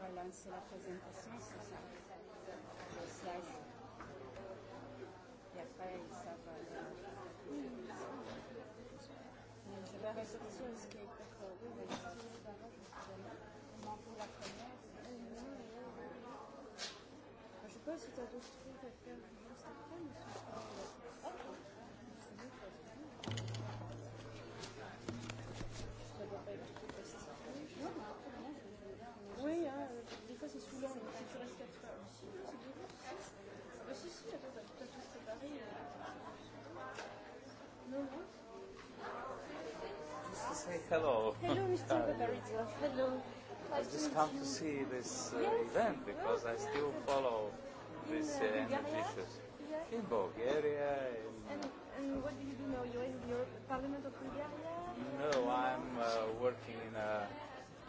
relance la présentation, c'est ça. Les slides. Et après, ils savent. Euh, je vais rester ce qui est Comment vous la Je peux, si tu as d'autres trucs à faire juste après, mais je pense que. hello. Hello, Mr. Paparizzo. Hello. I've just come to see this uh, yes. event because I still follow this uh, energy issues. In Bulgaria. In, and, and what do you do now? You're in the Parliament of Bulgaria? No, I'm uh, working in a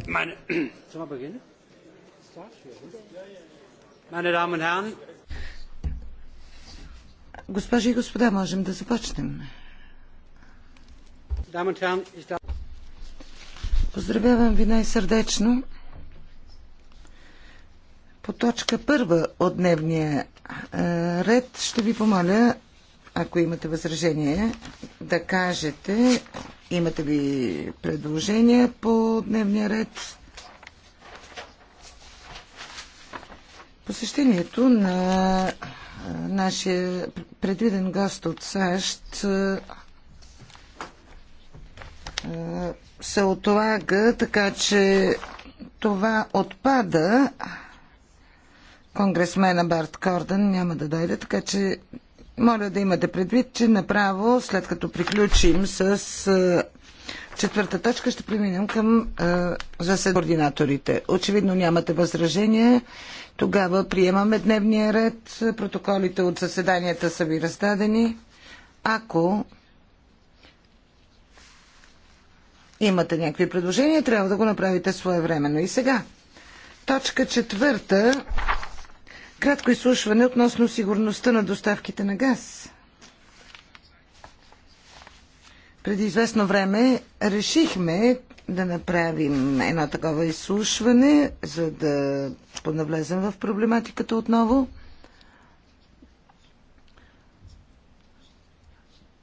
Meine, Damen und Herren, Госпожи и господа, можем да започнем. Поздравявам ви най-сърдечно по точка първа от дневния е, ред ще ви помоля, ако имате възражение, да кажете Имате ли предложения по дневния ред? Посещението на нашия предвиден гост от САЩ се отлага, така че това отпада. Конгресмена Барт Кордън няма да дойде, така че моля да имате предвид, че направо, след като приключим с четвърта точка, ще преминем към засед координаторите. Очевидно нямате възражение. Тогава приемаме дневния ред. Протоколите от заседанията са ви раздадени. Ако имате някакви предложения, трябва да го направите своевременно. И сега. Точка четвърта кратко изслушване относно сигурността на доставките на газ. Преди известно време решихме да направим едно такова изслушване, за да понавлезем в проблематиката отново.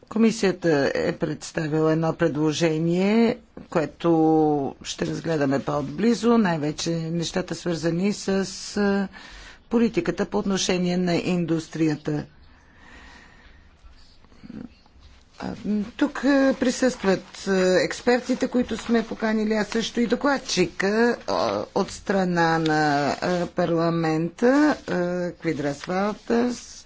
Комисията е представила едно предложение, което ще разгледаме по-отблизо, най-вече нещата свързани с политиката по отношение на индустрията. Тук присъстват експертите, които сме поканили, а също и докладчика от страна на парламента Квидрас Валтас,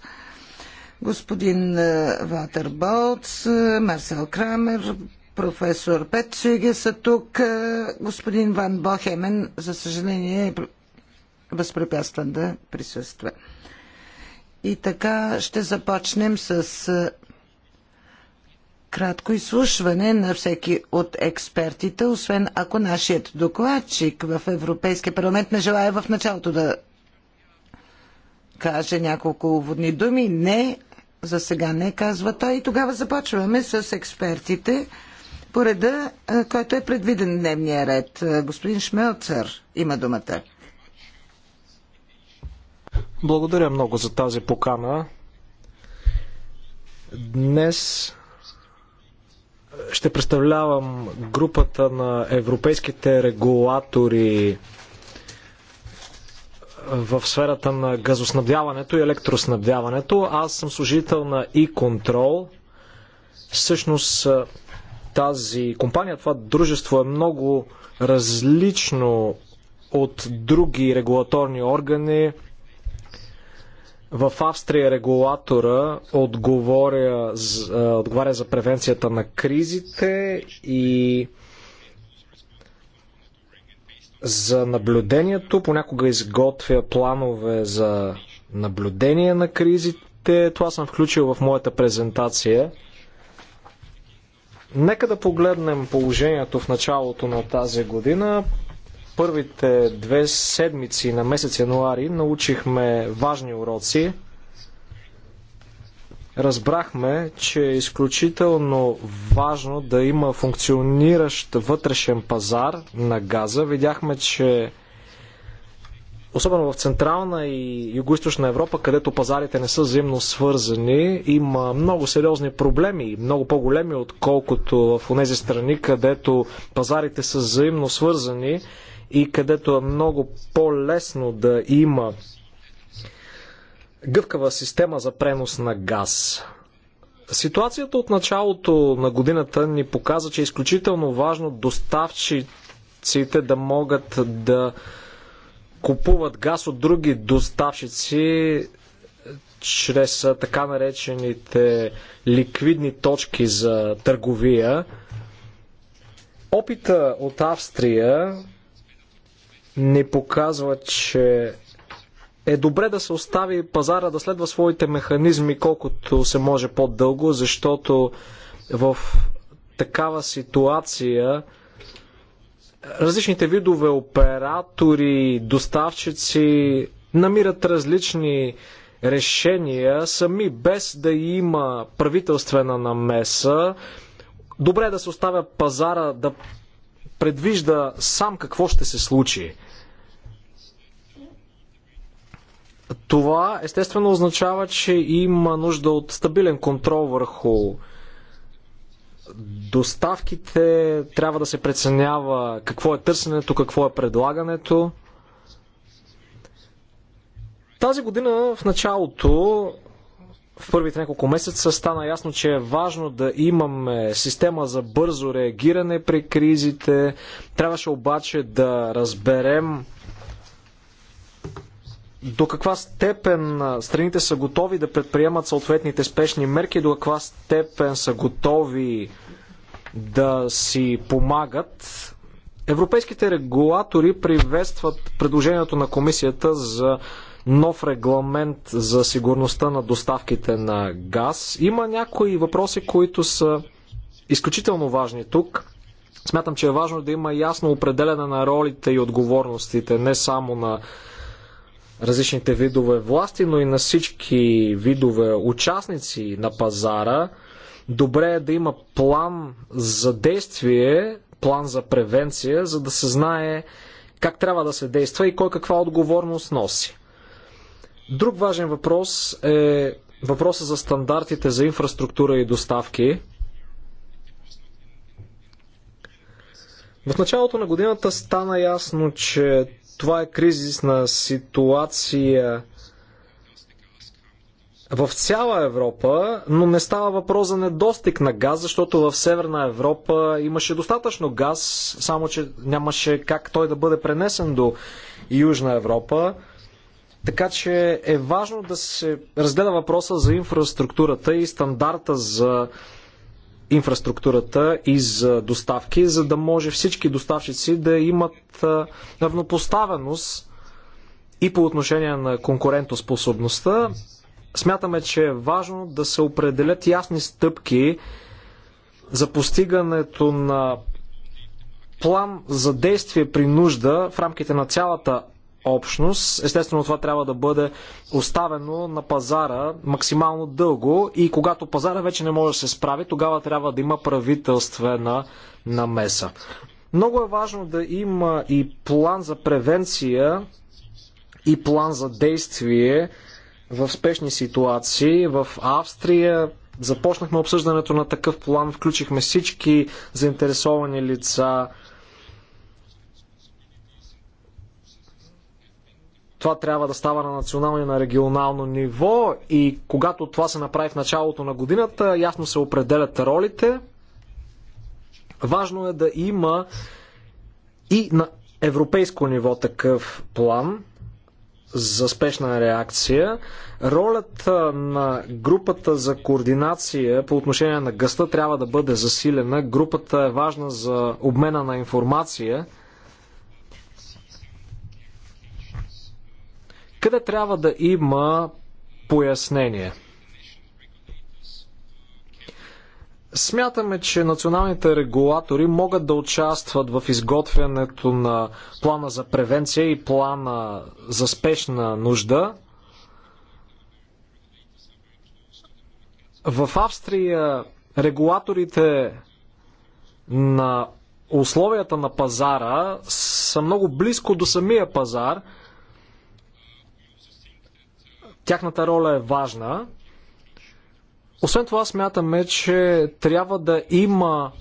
господин Ватер Болц, Марсел Крамер, професор Петсюге са тук, господин Ван Бохемен, за съжаление, е възпрепятстван да присъства. И така ще започнем с кратко изслушване на всеки от експертите, освен ако нашият докладчик в Европейския парламент не желая в началото да каже няколко уводни думи. Не, за сега не, казва той. И тогава започваме с експертите по реда, който е предвиден дневния ред. Господин Шмелцер има думата. Благодаря много за тази покана. Днес ще представлявам групата на европейските регулатори в сферата на газоснабдяването и електроснабдяването. Аз съм служител на e-Control. Всъщност тази компания, това дружество е много различно от други регулаторни органи, в Австрия регулатора отговоря за, е, отговаря за превенцията на кризите и за наблюдението. Понякога изготвя планове за наблюдение на кризите. Това съм включил в моята презентация. Нека да погледнем положението в началото на тази година първите две седмици на месец януари научихме важни уроци. Разбрахме, че е изключително важно да има функциониращ вътрешен пазар на газа. Видяхме, че особено в Централна и Юго-Источна Европа, където пазарите не са взаимно свързани, има много сериозни проблеми, много по-големи, отколкото в тези страни, където пазарите са взаимно свързани и където е много по-лесно да има гъвкава система за пренос на газ. Ситуацията от началото на годината ни показа, че е изключително важно доставчиците да могат да купуват газ от други доставчици чрез така наречените ликвидни точки за търговия. Опита от Австрия ни показва, че е добре да се остави пазара да следва своите механизми колкото се може по-дълго, защото в такава ситуация различните видове оператори, доставчици намират различни решения сами без да има правителствена намеса. Добре е да се оставя пазара да предвижда сам какво ще се случи. Това естествено означава, че има нужда от стабилен контрол върху доставките, трябва да се преценява какво е търсенето, какво е предлагането. Тази година в началото в първите няколко месеца стана ясно, че е важно да имаме система за бързо реагиране при кризите. Трябваше обаче да разберем до каква степен страните са готови да предприемат съответните спешни мерки, до каква степен са готови да си помагат. Европейските регулатори приветстват предложението на комисията за нов регламент за сигурността на доставките на газ. Има някои въпроси, които са изключително важни тук. Смятам, че е важно да има ясно определене на ролите и отговорностите, не само на различните видове власти, но и на всички видове участници на пазара. Добре е да има план за действие, план за превенция, за да се знае как трябва да се действа и кой каква отговорност носи. Друг важен въпрос е въпроса за стандартите за инфраструктура и доставки. В началото на годината стана ясно, че това е кризисна ситуация в цяла Европа, но не става въпрос за недостиг на газ, защото в Северна Европа имаше достатъчно газ, само че нямаше как той да бъде пренесен до Южна Европа. Така че е важно да се разгледа въпроса за инфраструктурата и стандарта за инфраструктурата и за доставки, за да може всички доставчици да имат равнопоставеност и по отношение на конкурентоспособността. Смятаме, че е важно да се определят ясни стъпки за постигането на план за действие при нужда в рамките на цялата общност. Естествено, това трябва да бъде оставено на пазара максимално дълго и когато пазара вече не може да се справи, тогава трябва да има правителствена намеса. Много е важно да има и план за превенция и план за действие в спешни ситуации. В Австрия започнахме обсъждането на такъв план, включихме всички заинтересовани лица, това трябва да става на национално и на регионално ниво и когато това се направи в началото на годината, ясно се определят ролите. Важно е да има и на европейско ниво такъв план за спешна реакция. Ролята на групата за координация по отношение на гъста трябва да бъде засилена. Групата е важна за обмена на информация – къде трябва да има пояснение. Смятаме, че националните регулатори могат да участват в изготвянето на плана за превенция и плана за спешна нужда. В Австрия регулаторите на условията на пазара са много близко до самия пазар – Тяхната роля е важна. Освен това, смятаме, че трябва да има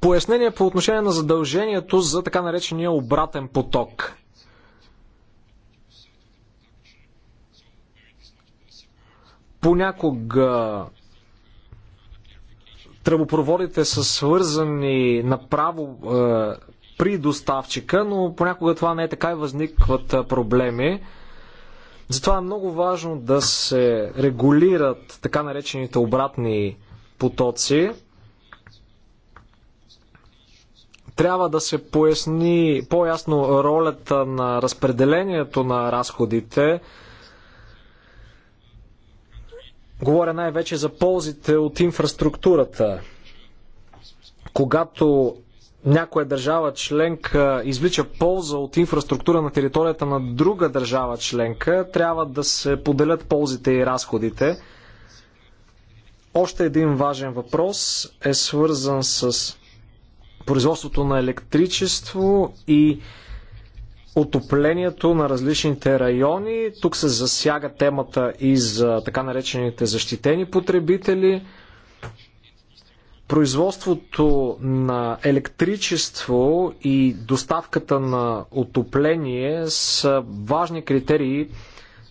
пояснение по отношение на задължението за така наречения обратен поток. Понякога тръбопроводите са свързани направо е, при доставчика, но понякога това не е така и възникват е, проблеми. Затова е много важно да се регулират така наречените обратни потоци. Трябва да се поясни по-ясно ролята на разпределението на разходите. Говоря най-вече за ползите от инфраструктурата. Когато някоя държава членка извлича полза от инфраструктура на територията на друга държава членка, трябва да се поделят ползите и разходите. Още един важен въпрос е свързан с производството на електричество и отоплението на различните райони. Тук се засяга темата и за така наречените защитени потребители – производството на електричество и доставката на отопление са важни критерии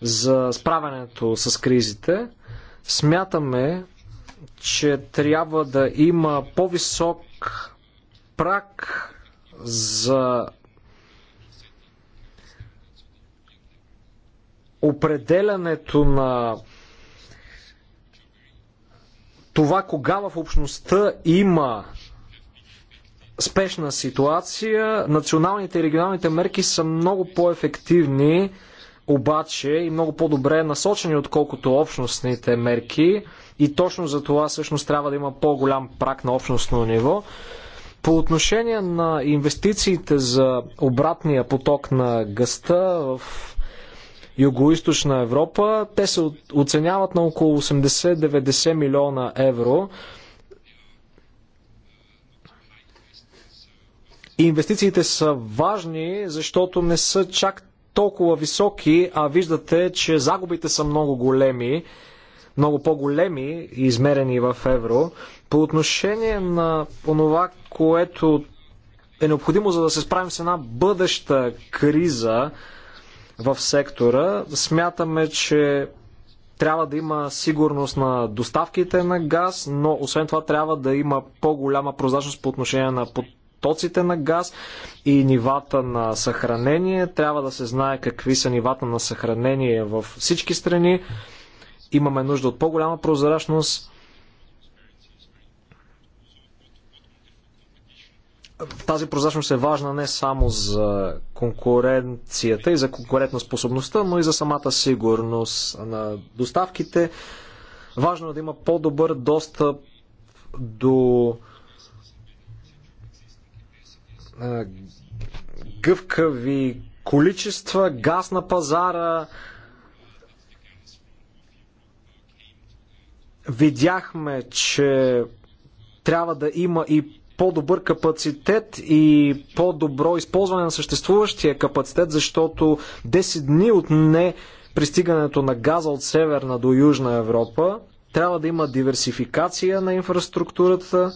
за справянето с кризите. Смятаме, че трябва да има по-висок прак за определянето на това кога в общността има спешна ситуация, националните и регионалните мерки са много по-ефективни, обаче и много по-добре насочени, отколкото общностните мерки. И точно за това всъщност трябва да има по-голям прак на общностно ниво. По отношение на инвестициите за обратния поток на гъста в Юго-Источна Европа. Те се оценяват на около 80-90 милиона евро. Инвестициите са важни, защото не са чак толкова високи, а виждате, че загубите са много големи, много по-големи, измерени в евро. По отношение на това, което е необходимо за да се справим с една бъдеща криза, в сектора. Смятаме, че трябва да има сигурност на доставките на газ, но освен това трябва да има по-голяма прозрачност по отношение на потоците на газ и нивата на съхранение. Трябва да се знае какви са нивата на съхранение във всички страни. Имаме нужда от по-голяма прозрачност тази прозрачност е важна не само за конкуренцията и за конкурентоспособността, но и за самата сигурност на доставките. Важно е да има по-добър достъп до гъвкави количества, газ на пазара. Видяхме, че трябва да има и по-добър капацитет и по-добро използване на съществуващия капацитет, защото 10 дни от не пристигането на газа от Северна до Южна Европа. Трябва да има диверсификация на инфраструктурата.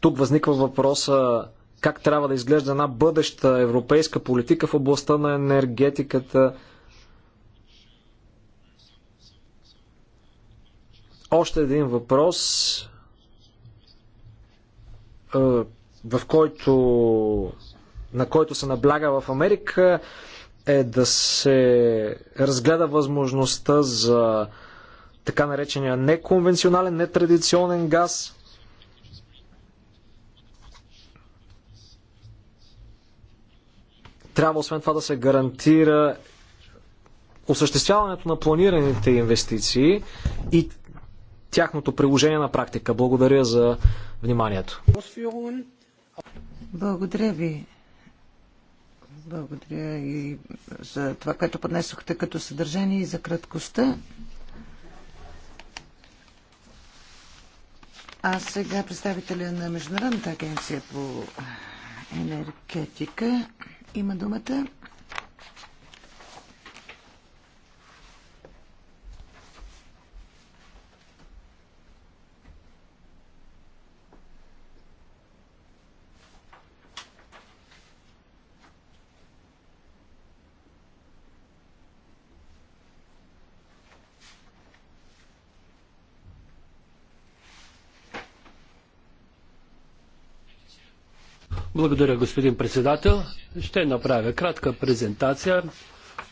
Тук възниква въпроса как трябва да изглежда една бъдеща европейска политика в областта на енергетиката. Още един въпрос в който, на който се набляга в Америка, е да се разгледа възможността за така наречения неконвенционален, нетрадиционен газ. Трябва освен това да се гарантира осъществяването на планираните инвестиции и тяхното приложение на практика. Благодаря за вниманието. Благодаря ви. Благодаря и за това, което поднесохте като съдържание и за краткостта. А сега представителя на Международната агенция по енергетика има думата. Благодаря, господин председател. Ще направя кратка презентация,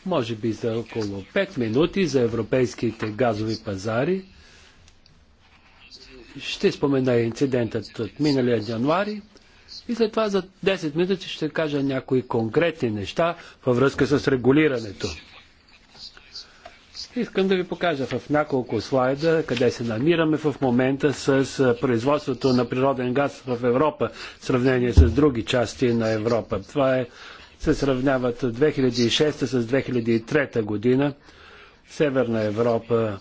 може би за около 5 минути, за европейските газови пазари. Ще спомена инцидентът от миналия януари и след това за 10 минути ще кажа някои конкретни неща във връзка с регулирането. Искам да ви покажа в няколко слайда къде се намираме в момента с производството на природен газ в Европа в сравнение с други части на Европа. Това е, се сравняват 2006 с 2003 година. Северна Европа,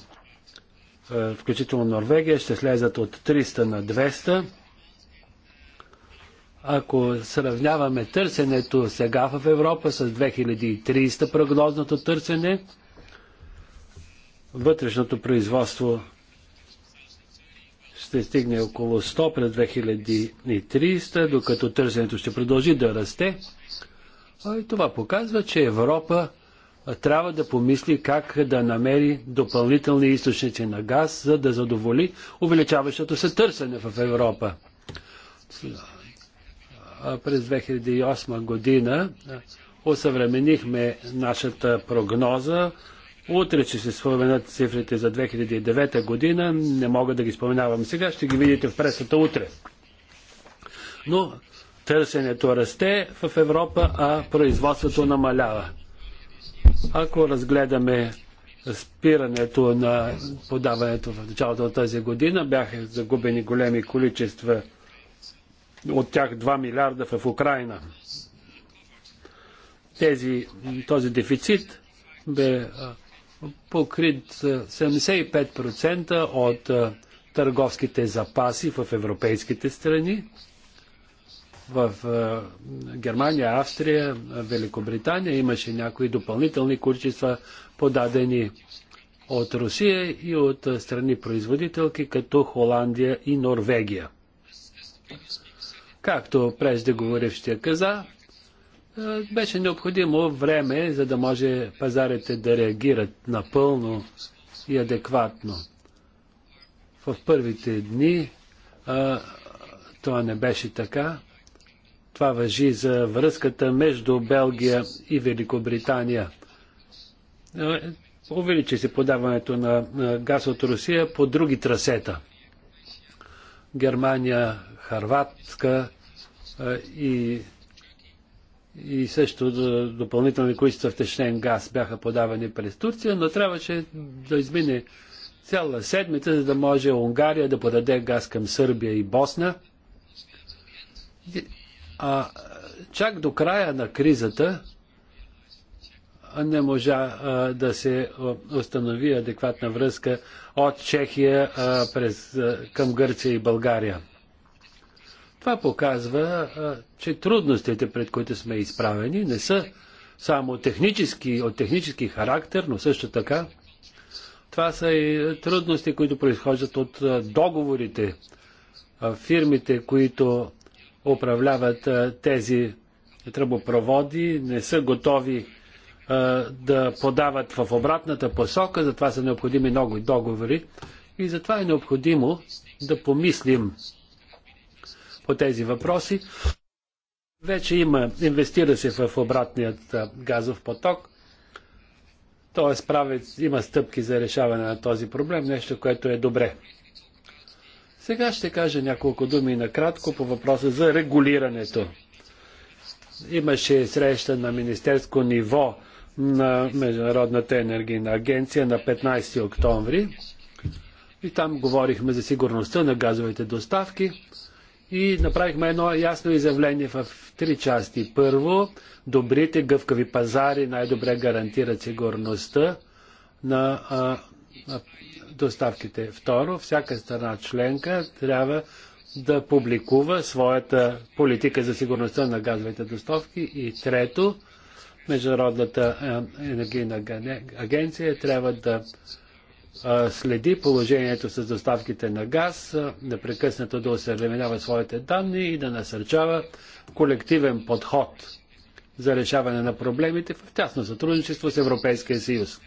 включително Норвегия, ще слезат от 300 на 200. Ако сравняваме търсенето сега в Европа с 2300 прогнозното търсене, вътрешното производство ще стигне около 100 през 2300, докато търсенето ще продължи да расте. И това показва, че Европа трябва да помисли как да намери допълнителни източници на газ, за да задоволи увеличаващото се търсене в Европа. През 2008 година осъвременихме нашата прогноза Утре ще се споменат цифрите за 2009 година. Не мога да ги споменавам сега. Ще ги видите в пресата утре. Но търсенето расте в Европа, а производството намалява. Ако разгледаме спирането на подаването в началото на тази година, бяха загубени големи количества, от тях 2 милиарда в Украина. Тези, този дефицит бе покрит 75% е, от е, търговските запаси в европейските страни, в е, Германия, Австрия, Великобритания имаше някои допълнителни количества подадени от Русия и от страни производителки като Холандия и Норвегия. Както преждеговорившия каза, е, беше необходимо време, за да може пазарите да реагират напълно и адекватно. В първите дни а, е, това не беше така. Това въжи за връзката между Белгия и Великобритания. Е, увеличи се подаването на газ от Русия по други трасета. Германия, Харватска и и също допълнителни количества втечнен газ бяха подавани през Турция, но трябваше да измине цяла седмица, за да може Унгария да подаде газ към Сърбия и Босна. А чак до края на кризата не можа а, да се установи адекватна връзка от Чехия а, през, а, към Гърция и България. Това показва, че трудностите, пред които сме изправени, не са само технически, от технически характер, но също така това са и трудности, които произхождат от договорите, фирмите, които управляват тези тръбопроводи, не са готови да подават в обратната посока, затова са необходими много договори и затова е необходимо да помислим по тези въпроси. Вече има, инвестира се в обратният газов поток, т.е. правят, има стъпки за решаване на този проблем, нещо, което е добре. Сега ще кажа няколко думи накратко по въпроса за регулирането. Имаше среща на министерско ниво на Международната енергийна агенция на 15 октомври. И там говорихме за сигурността на газовите доставки и направихме едно ясно изявление в три части. Първо, добрите гъвкави пазари най-добре гарантират сигурността на, а, на доставките. Второ, всяка страна членка трябва да публикува своята политика за сигурността на газовите доставки. И трето, Международната енергийна агенция трябва да следи положението с доставките на газ, непрекъснато да осъвременява своите данни и да насърчава колективен подход за решаване на проблемите в тясно сътрудничество с Европейския съюз.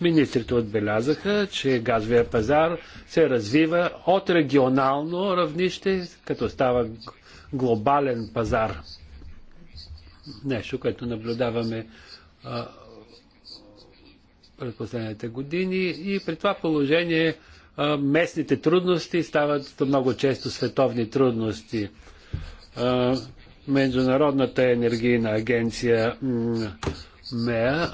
Министрите отбелязаха, че газовия пазар се развива от регионално равнище, като става глобален пазар. Нещо, което наблюдаваме през последните години и при това положение местните трудности стават много често световни трудности. Международната енергийна агенция МЕА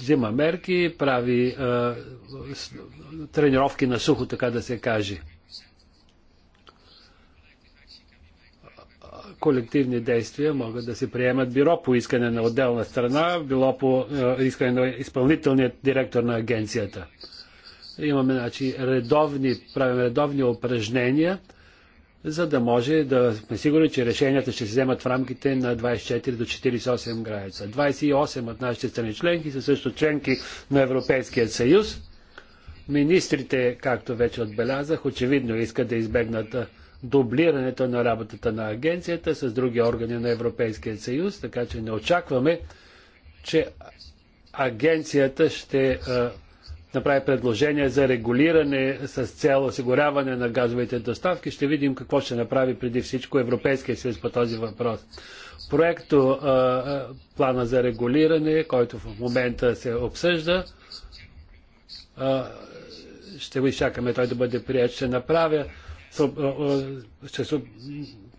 взима мерки, прави тренировки на сухо, така да се каже. колективни действия могат да се приемат бюро по искане на отделна страна, било по е, искане на изпълнителният директор на агенцията. Имаме значи, редовни, правим редовни упражнения, за да може да сме сигурни, че решенията ще се вземат в рамките на 24 до 48 граница. 28 от нашите страни членки са също членки на Европейския съюз. Министрите, както вече отбелязах, очевидно искат да избегнат дублирането на работата на агенцията с други органи на Европейския съюз, така че не очакваме, че агенцията ще а, е, направи предложение за регулиране с цел осигуряване на газовите доставки. Ще видим какво ще направи преди всичко Европейския съюз по този въпрос. Проекто а, е, а, е, плана за регулиране, който в момента се обсъжда, ще го изчакаме той да бъде прият, ще направя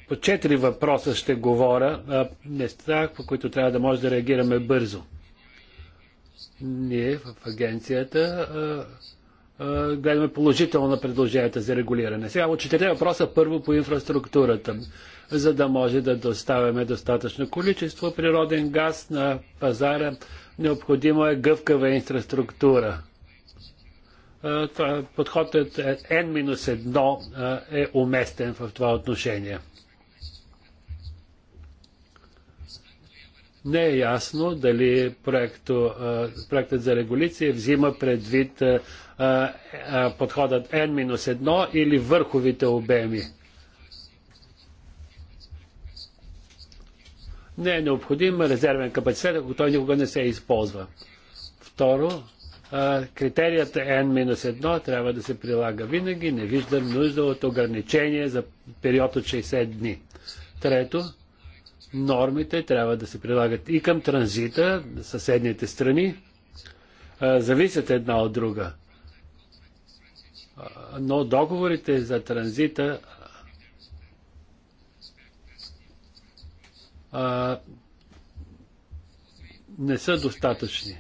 по четири въпроса ще говоря, неща, по които трябва да може да реагираме бързо. Ние в агенцията гледаме положително на предложенията за регулиране. Сега от четирите въпроса първо по инфраструктурата, за да може да доставяме достатъчно количество природен газ на пазара. необходимо е гъвкава инфраструктура е, подходът е N-1 е, е уместен в това отношение. Не е ясно дали проектът за регулиция взима предвид подходът N-1 или върховите обеми. Не е необходим резервен капацитет, ако той никога не се използва. Второ, критерият е N-1 трябва да се прилага винаги. Не виждам нужда от ограничение за период от 60 дни. Трето, нормите трябва да се прилагат и към транзита, на съседните страни, зависят една от друга. Но договорите за транзита не са достатъчни.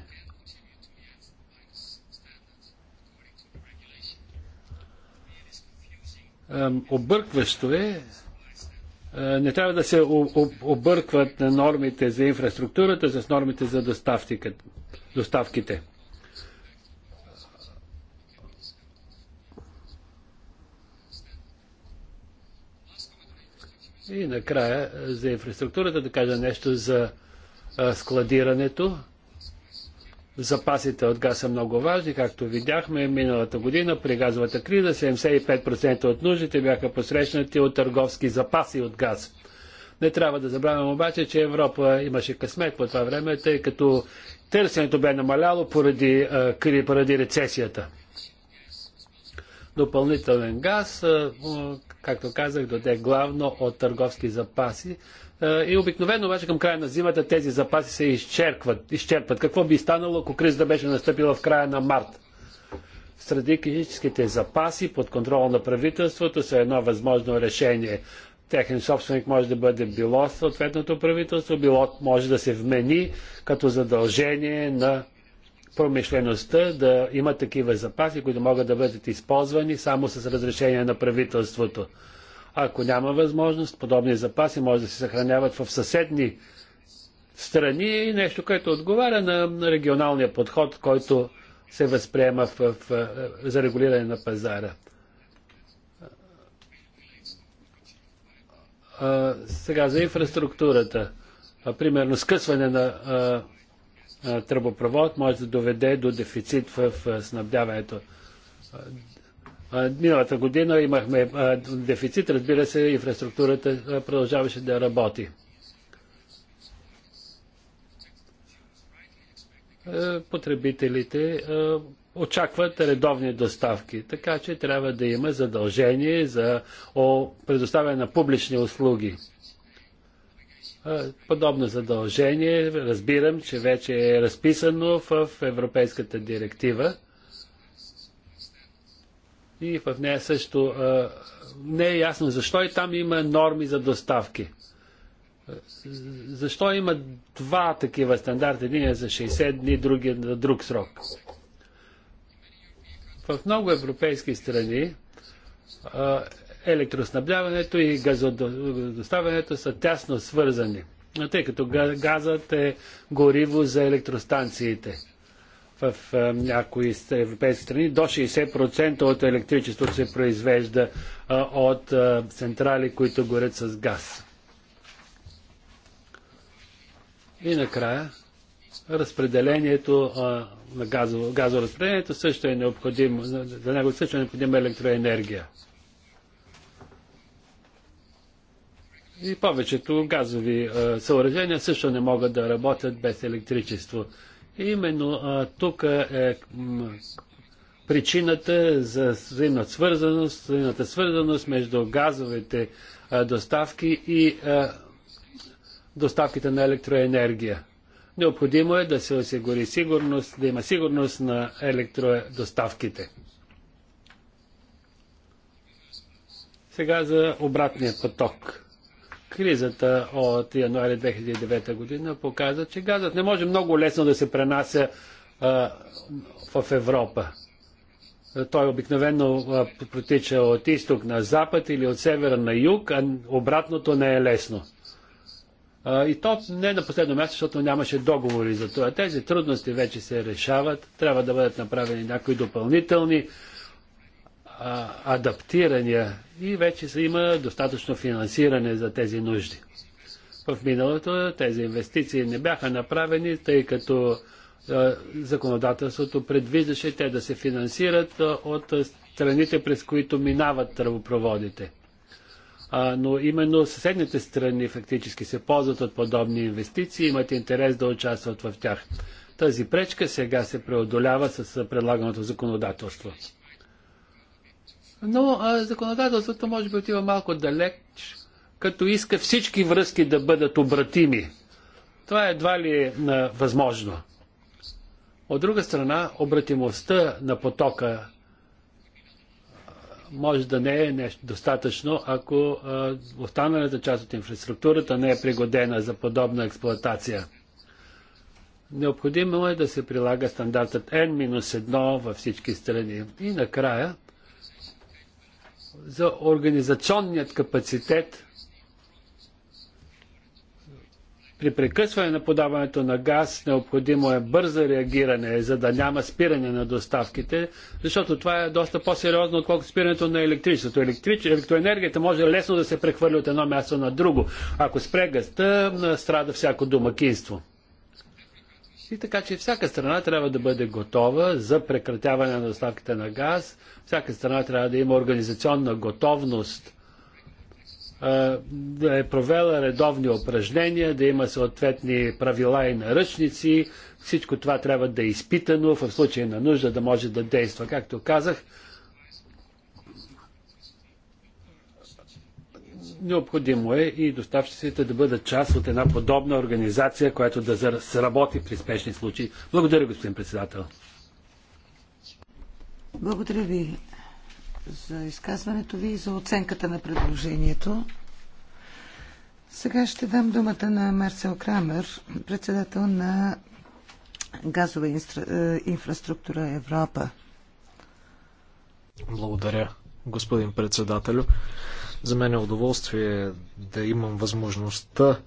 объркващо е. Не трябва да се объркват нормите за инфраструктурата с нормите за доставките. И накрая за инфраструктурата да кажа нещо за складирането запасите от газ са много важни, както видяхме миналата година при газовата криза 75% от нуждите бяха посрещнати от търговски запаси от газ. Не трябва да забравям обаче, че Европа имаше късмет по това време, тъй като търсенето бе намаляло поради, поради рецесията. Допълнителен газ, както казах, доде главно от търговски запаси, е, и обикновено обаче към края на зимата тези запаси се изчерпват. изчерпват. Какво би станало, ако кризата беше настъпила в края на март? Стратегическите запаси под контрола на правителството са едно възможно решение. Техен собственик може да бъде било съответното правителство, било може да се вмени като задължение на промишлеността да има такива запаси, които могат да бъдат използвани само с разрешение на правителството. Ако няма възможност, подобни запаси може да се съхраняват в съседни страни и нещо, което отговаря на регионалния подход, който се възприема в, в, в, за регулиране на пазара. А, сега за инфраструктурата. А, примерно скъсване на а, а, тръбопровод може да доведе до дефицит в, в снабдяването. Миналата година имахме дефицит, разбира се, инфраструктурата продължаваше да работи. Потребителите очакват редовни доставки, така че трябва да има задължение за предоставяне на публични услуги. Подобно задължение разбирам, че вече е разписано в Европейската директива – и в нея също а, не е ясно защо и там има норми за доставки. Защо има два такива стандарта? Един е за 60 дни, другия за е друг срок. В много европейски страни а, електроснабдяването и газодоставянето са тясно свързани, тъй като газът е гориво за електростанциите в някои европейски страни до 60% от електричеството се произвежда от централи, които горят с газ. И накрая, разпределението на газово, газоразпределението също е необходимо, за него също е необходима електроенергия. И повечето газови съоръжения също не могат да работят без електричество. Именно а, тук е причината за взаимна свързаност, взаимната свързаност между газовите а, доставки и а, доставките на електроенергия. Необходимо е да се осигури сигурност, да има сигурност на електродоставките. Сега за обратния поток. Кризата от януари 2009 година показа, че газът не може много лесно да се пренася а, в Европа. Той обикновено протича от изток на запад или от север на юг, а обратното не е лесно. И то не е на последно място, защото нямаше договори за това. Тези трудности вече се решават. Трябва да бъдат направени някои допълнителни адаптирания и вече се има достатъчно финансиране за тези нужди. В миналото тези инвестиции не бяха направени, тъй като законодателството предвиждаше те да се финансират от страните, през които минават тръбопроводите. Но именно съседните страни фактически се ползват от подобни инвестиции, имат интерес да участват в тях. Тази пречка сега се преодолява с предлаганото законодателство. Но а, законодателството може би отива малко далеч, като иска всички връзки да бъдат обратими. Това едва ли е възможно. От друга страна, обратимостта на потока може да не е нещо достатъчно, ако а, останалата част от инфраструктурата не е пригодена за подобна експлоатация. Необходимо е да се прилага стандартът N-1 във всички страни. И накрая, за организационният капацитет при прекъсване на подаването на газ необходимо е бързо реагиране, за да няма спиране на доставките, защото това е доста по-сериозно, отколкото спирането на електричеството. Електрич... Електроенергията може лесно да се прехвърли от едно място на друго. Ако спре гъста, страда всяко домакинство. И така че всяка страна трябва да бъде готова за прекратяване на доставките на газ, всяка страна трябва да има организационна готовност да е провела редовни упражнения, да има съответни правила и наръчници. Всичко това трябва да е изпитано, в случай на нужда да може да действа. Както казах, Необходимо е и доставчиците да бъдат част от една подобна организация, която да сработи при спешни случаи. Благодаря, господин председател. Благодаря ви за изказването ви и за оценката на предложението. Сега ще дам думата на Марсел Крамер, председател на Газова е, инфраструктура Европа. Благодаря, господин председателю. За мен е удоволствие да имам възможността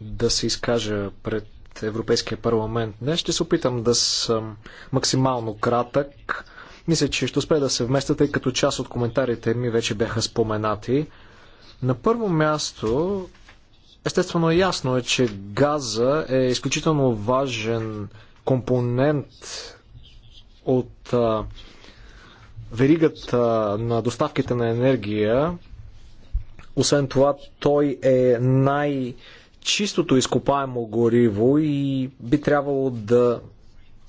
да се изкажа пред Европейския парламент днес. Ще се опитам да съм максимално кратък. Мисля, че ще успея да се вместя, тъй като част от коментарите ми вече бяха споменати. На първо място, естествено е ясно е, че газа е изключително важен компонент от а, веригата на доставките на енергия освен това, той е най- чистото изкопаемо гориво и би трябвало да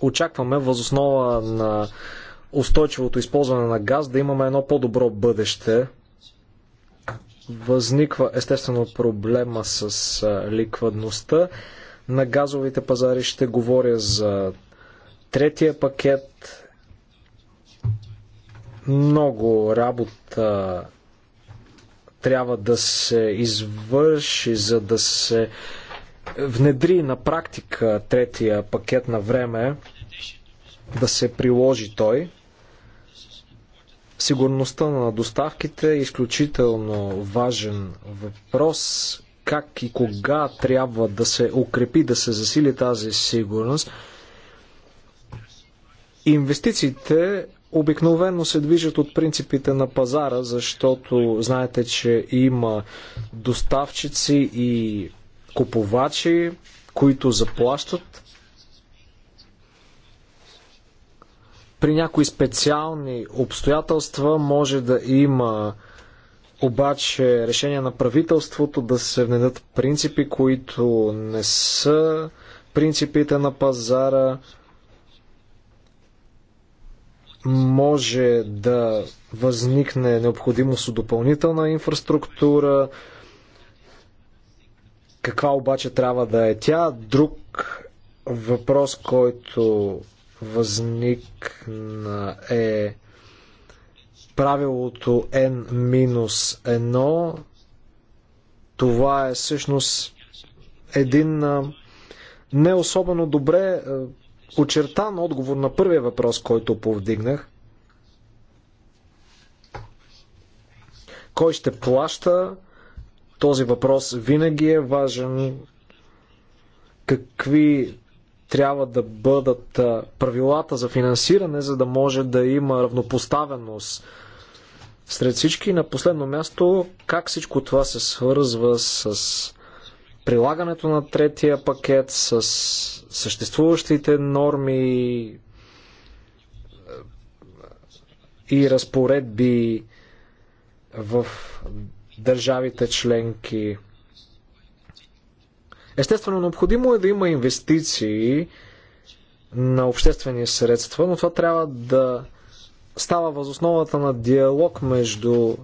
очакваме възоснова на устойчивото използване на газ да имаме едно по-добро бъдеще. Възниква естествено проблема с ликвидността на газовите пазари. Ще говоря за третия пакет. Много работа трябва да се извърши, за да се внедри на практика третия пакет на време, да се приложи той. Сигурността на доставките е изключително важен въпрос. Как и кога трябва да се укрепи, да се засили тази сигурност? Инвестициите обикновено се движат от принципите на пазара, защото знаете, че има доставчици и купувачи, които заплащат. При някои специални обстоятелства може да има обаче решение на правителството да се внедат принципи, които не са принципите на пазара може да възникне необходимост от допълнителна инфраструктура. Каква обаче трябва да е тя? Друг въпрос, който възникна е правилото N-1. Това е всъщност един не особено добре очертан отговор на първия въпрос, който повдигнах. Кой ще плаща? Този въпрос винаги е важен. Какви трябва да бъдат правилата за финансиране, за да може да има равнопоставеност сред всички. На последно място, как всичко това се свързва с прилагането на третия пакет с съществуващите норми е, и разпоредби в държавите членки. Естествено, необходимо е да има инвестиции на обществени средства, но това трябва да става възосновата на диалог между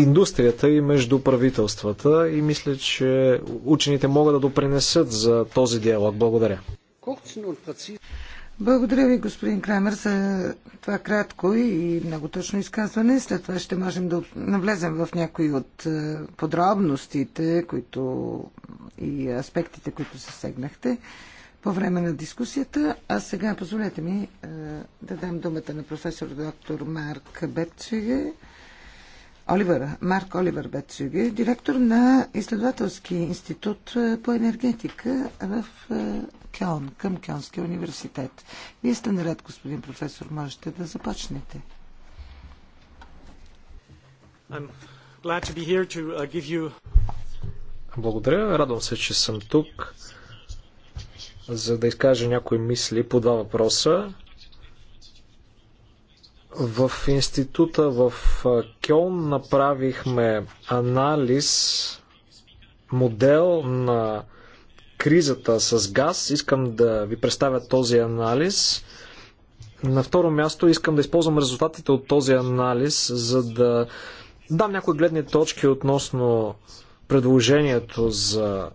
индустрията и между правителствата и мисля, че учените могат да допринесат за този диалог. Благодаря. Благодаря ви, господин Крамер, за това кратко и много точно изказване. След това ще можем да навлезем в някои от е, подробностите които и аспектите, които засегнахте по време на дискусията. А сега позволете ми е, да дам думата на професор доктор Марк Бепчеге Оливър, Марк Оливър Бецюге, директор на изследователски институт е, по енергетика в е, Кьон, към Кьонския университет. Вие сте наред, господин професор, можете да започнете. Uh, you... Благодаря, радвам се, че съм тук, за да изкажа някои мисли по два въпроса. В института в Кьон направихме анализ, модел на кризата с газ. Искам да ви представя този анализ. На второ място искам да използвам резултатите от този анализ, за да дам някои гледни точки относно предложението за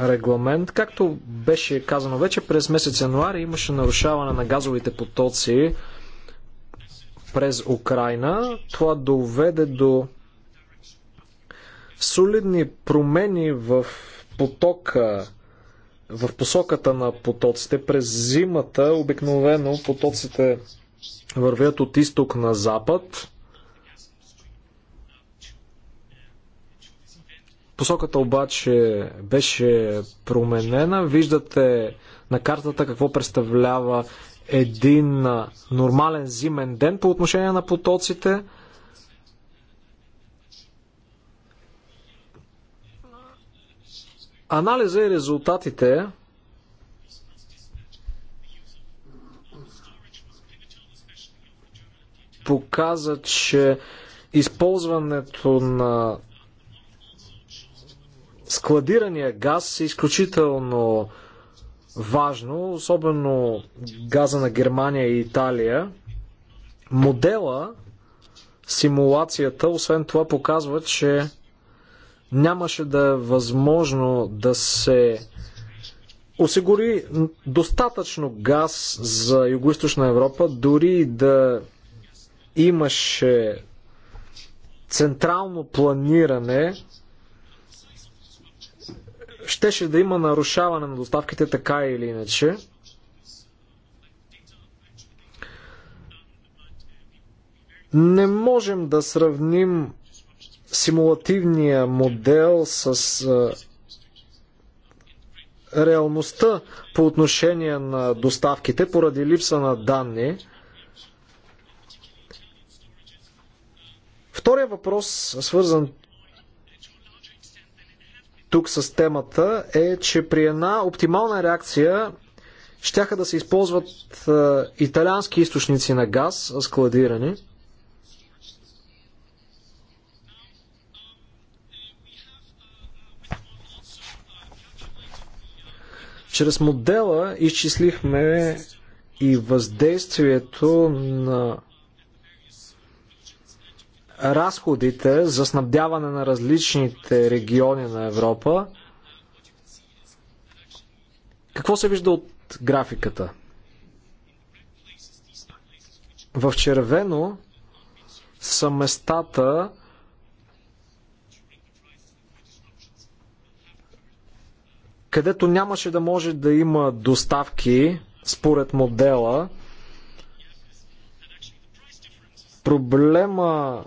регламент. Както беше казано вече, през месец януари имаше нарушаване на газовите потоци през Украина. Това доведе до солидни промени в потока, в посоката на потоците. През зимата обикновено потоците вървят от изток на запад. Посоката обаче беше променена. Виждате на картата какво представлява един нормален зимен ден по отношение на потоците. Анализа и резултатите показа, че използването на складирания газ е изключително важно, особено газа на Германия и Италия. Модела, симулацията, освен това показва, че нямаше да е възможно да се осигури достатъчно газ за юго Европа, дори да имаше централно планиране щеше да има нарушаване на доставките така или иначе. Не можем да сравним симулативния модел с реалността по отношение на доставките поради липса на данни. Втория въпрос, свързан тук с темата е, че при една оптимална реакция щяха да се използват е, италиански източници на газ, складирани. Чрез модела изчислихме и въздействието на разходите за снабдяване на различните региони на Европа. Какво се вижда от графиката? В червено са местата, където нямаше да може да има доставки според модела. Проблема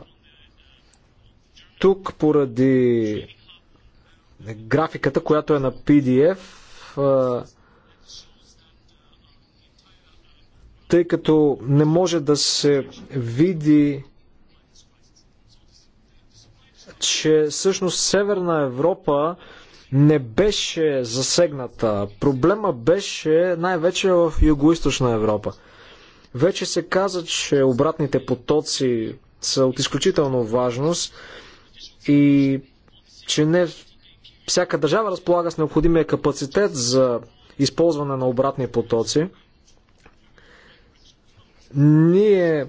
тук поради графиката, която е на PDF, тъй като не може да се види че всъщност Северна Европа не беше засегната. Проблема беше най-вече в Юго-Источна Европа. Вече се каза, че обратните потоци са от изключително важност и че не всяка държава разполага с необходимия капацитет за използване на обратни потоци. Ние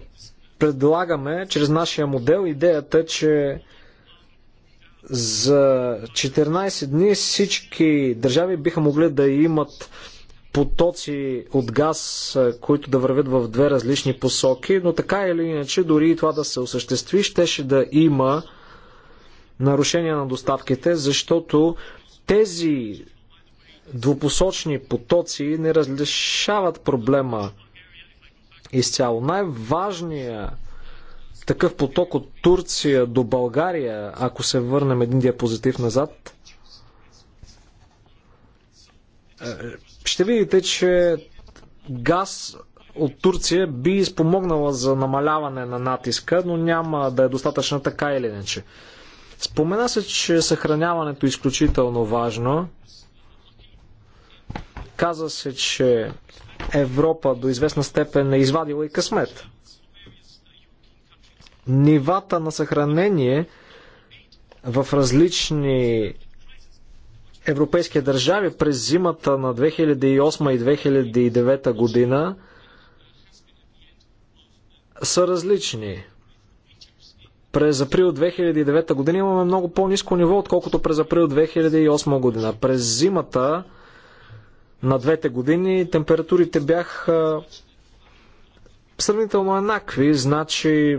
предлагаме чрез нашия модел идеята, че за 14 дни всички държави биха могли да имат потоци от газ, които да вървят в две различни посоки, но така или иначе, дори и това да се осъществи, щеше да има нарушение на доставките, защото тези двупосочни потоци не разрешават проблема изцяло. Най-важният такъв поток от Турция до България, ако се върнем един диапозитив назад, е, ще видите, че газ от Турция би спомогнала за намаляване на натиска, но няма да е достатъчна така или иначе. Спомена се, че съхраняването е изключително важно. Каза се, че Европа до известна степен е извадила и късмет. Нивата на съхранение в различни европейски държави през зимата на 2008 и 2009 година са различни. През април 2009 година имаме много по-низко ниво, отколкото през април 2008 година. През зимата на двете години температурите бяха сравнително еднакви, значи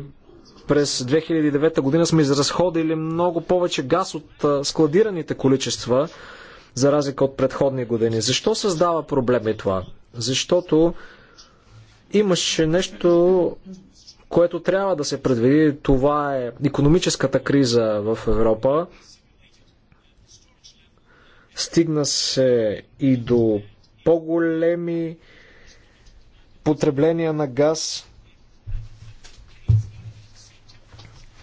през 2009 година сме изразходили много повече газ от складираните количества, за разлика от предходни години. Защо създава проблеми това? Защото имаше нещо което трябва да се предвиди, това е економическата криза в Европа. Стигна се и до по-големи потребления на газ.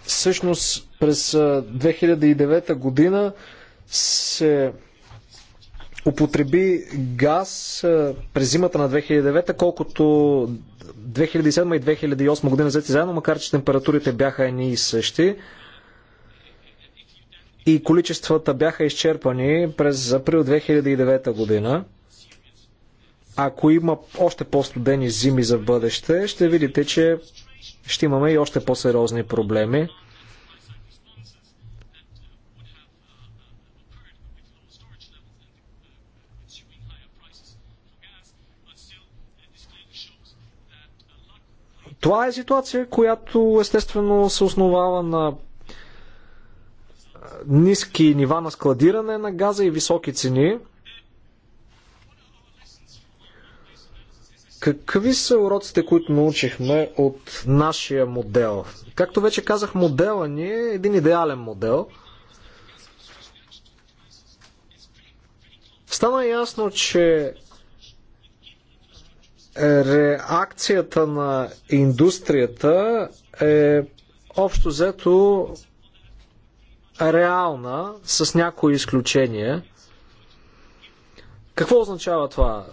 Всъщност през 2009 година се употреби газ през зимата на 2009, колкото 2007 и 2008 година взети заедно, макар че температурите бяха едни и същи и количествата бяха изчерпани през април 2009 година. Ако има още по-студени зими за бъдеще, ще видите, че ще имаме и още по-сериозни проблеми. Това е ситуация, която естествено се основава на ниски нива на складиране на газа и високи цени. Какви са уроците, които научихме от нашия модел? Както вече казах, модела ни е един идеален модел. Стана ясно, че реакцията на индустрията е общо взето реална, с някои изключения. Какво означава това?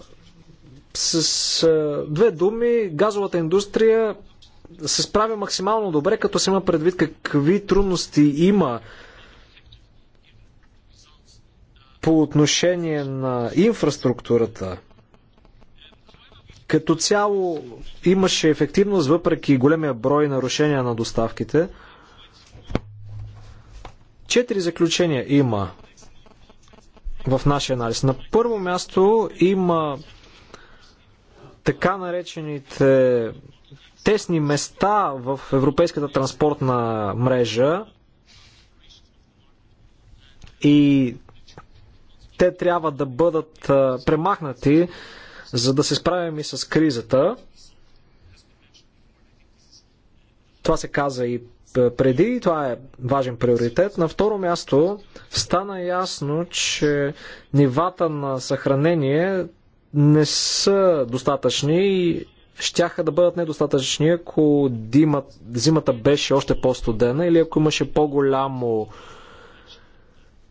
С е, две думи, газовата индустрия се справя максимално добре, като се има предвид какви трудности има по отношение на инфраструктурата като цяло имаше ефективност въпреки големия брой нарушения на доставките. Четири заключения има в нашия анализ. На първо място има така наречените тесни места в европейската транспортна мрежа и те трябва да бъдат премахнати за да се справим и с кризата. Това се каза и е, преди, това е важен приоритет. На второ място стана ясно, че нивата на съхранение не са достатъчни и щяха да бъдат недостатъчни, ако димат, зимата беше още по-студена или ако имаше по-голямо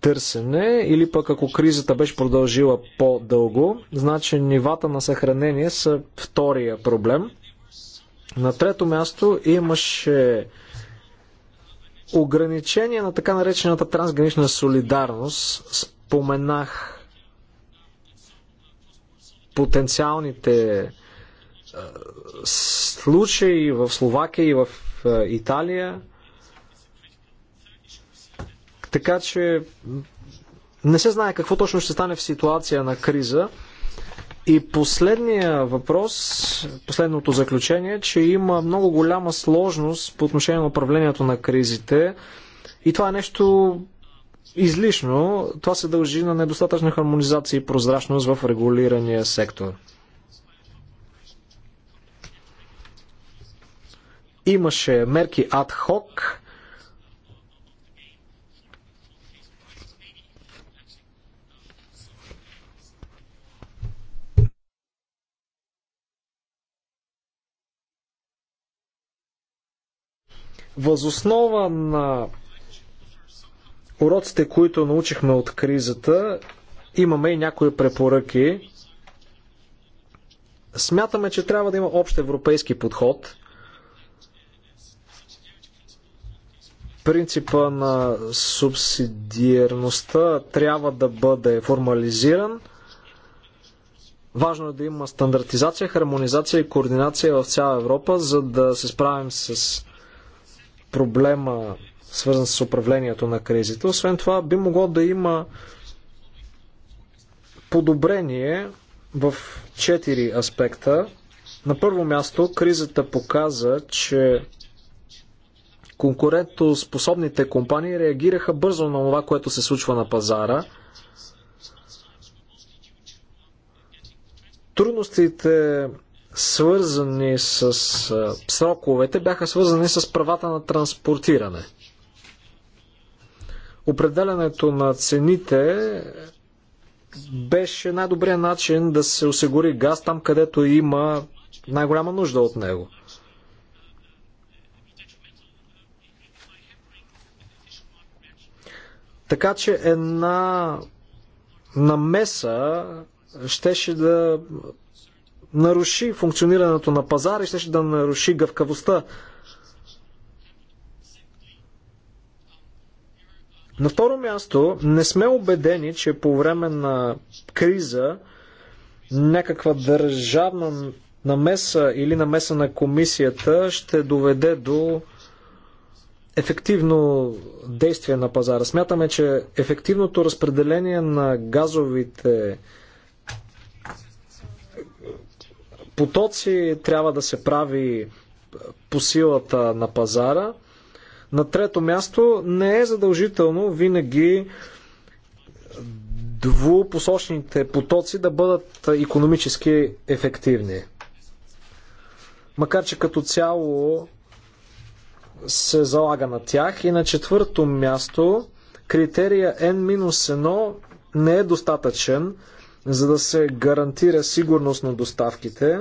търсене или пък ако кризата беше продължила по-дълго, значи нивата на съхранение са втория проблем. На трето място имаше ограничение на така наречената трансгранична солидарност. Споменах потенциалните случаи в Словакия и в Италия. Така че не се знае какво точно ще стане в ситуация на криза. И последния въпрос, последното заключение, че има много голяма сложност по отношение на управлението на кризите. И това е нещо излишно. Това се дължи на недостатъчна хармонизация и прозрачност в регулирания сектор. Имаше мерки ад хок, Възоснова на уроците, които научихме от кризата, имаме и някои препоръки. Смятаме, че трябва да има общ европейски подход. Принципа на субсидиарността трябва да бъде формализиран. Важно е да има стандартизация, хармонизация и координация в цяла Европа, за да се справим с проблема, свързан с управлението на кризите. Освен това, би могло да има подобрение в четири аспекта. На първо място, кризата показа, че конкурентоспособните компании реагираха бързо на това, което се случва на пазара. Трудностите свързани с сроковете, бяха свързани с правата на транспортиране. Определянето на цените беше най-добрият начин да се осигури газ там, където има най-голяма нужда от него. Така че една намеса щеше да наруши функционирането на пазара и ще да наруши гъвкавостта. На второ място, не сме убедени, че по време на криза някаква държавна намеса или намеса на комисията ще доведе до ефективно действие на пазара. Смятаме, че ефективното разпределение на газовите потоци трябва да се прави е, по силата на пазара. На трето място не е задължително винаги двупосочните потоци да бъдат економически ефективни. Макар че като цяло се залага на тях. И на четвърто място критерия N-1 не е достатъчен за да се гарантира сигурност на доставките,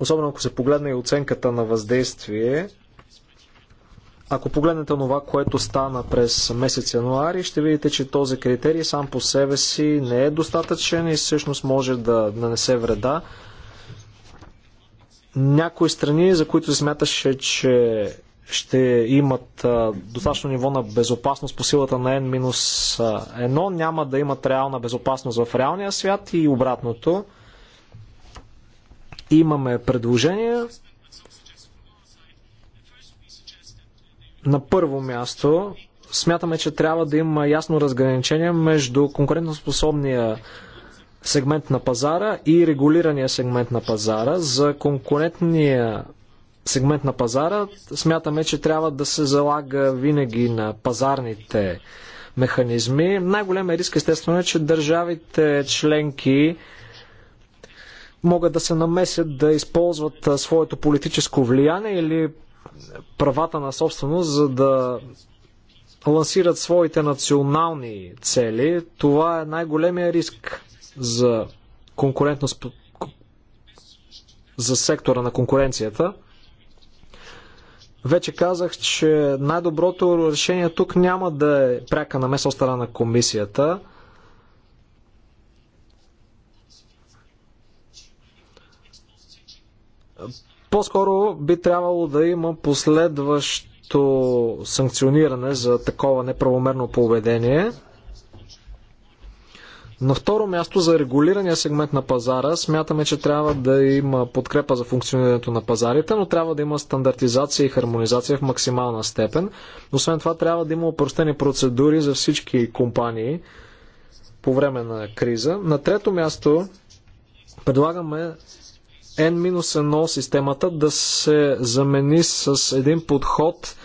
особено ако се погледне и оценката на въздействие, ако погледнете това, което стана през месец януари, ще видите, че този критерий сам по себе си не е достатъчен и всъщност може да нанесе вреда. Някои страни, за които се смяташе, че ще имат достатъчно ниво на безопасност по силата на N-1, няма да имат реална безопасност в реалния свят и обратното. Имаме предложения. На първо място смятаме, че трябва да има ясно разграничение между конкурентоспособния сегмент на пазара и регулирания сегмент на пазара. За конкурентния сегмент на пазара, смятаме, че трябва да се залага винаги на пазарните механизми. Най-големия е риск естествено е, че държавите членки могат да се намесят да използват своето политическо влияние или правата на собственост, за да лансират своите национални цели. Това е най-големия риск за конкурентност за сектора на конкуренцията. Вече казах, че най-доброто решение тук няма да е пряка намеса от страна на комисията. По-скоро би трябвало да има последващо санкциониране за такова неправомерно поведение – на второ място за регулирания сегмент на пазара смятаме, че трябва да има подкрепа за функционирането на пазарите, но трябва да има стандартизация и хармонизация в максимална степен. Освен това трябва да има упростени процедури за всички компании по време на криза. На трето място предлагаме N-1 системата да се замени с един подход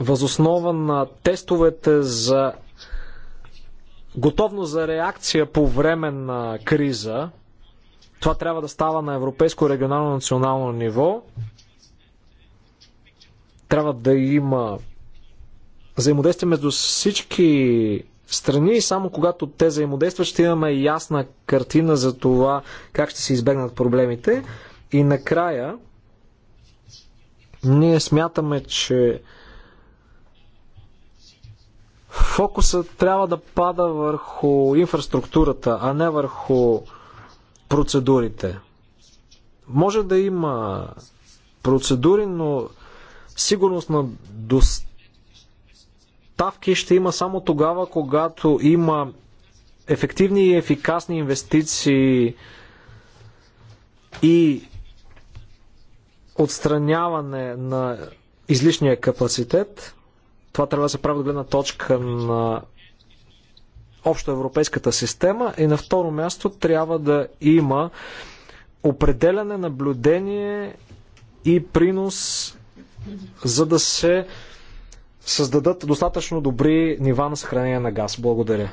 възоснова на тестовете за готовност за реакция по време на криза. Това трябва да става на европейско, регионално, национално ниво. Трябва да има взаимодействие между всички страни и само когато те взаимодействат ще имаме ясна картина за това как ще се избегнат проблемите. И накрая ние смятаме, че Фокусът трябва да пада върху инфраструктурата, а не върху процедурите. Може да има процедури, но сигурност на доставки ще има само тогава, когато има ефективни и ефикасни инвестиции и отстраняване на излишния капацитет. Това трябва да се прави от гледна точка на общоевропейската система и на второ място трябва да има определяне, наблюдение и принос, за да се създадат достатъчно добри нива на съхранение на газ. Благодаря.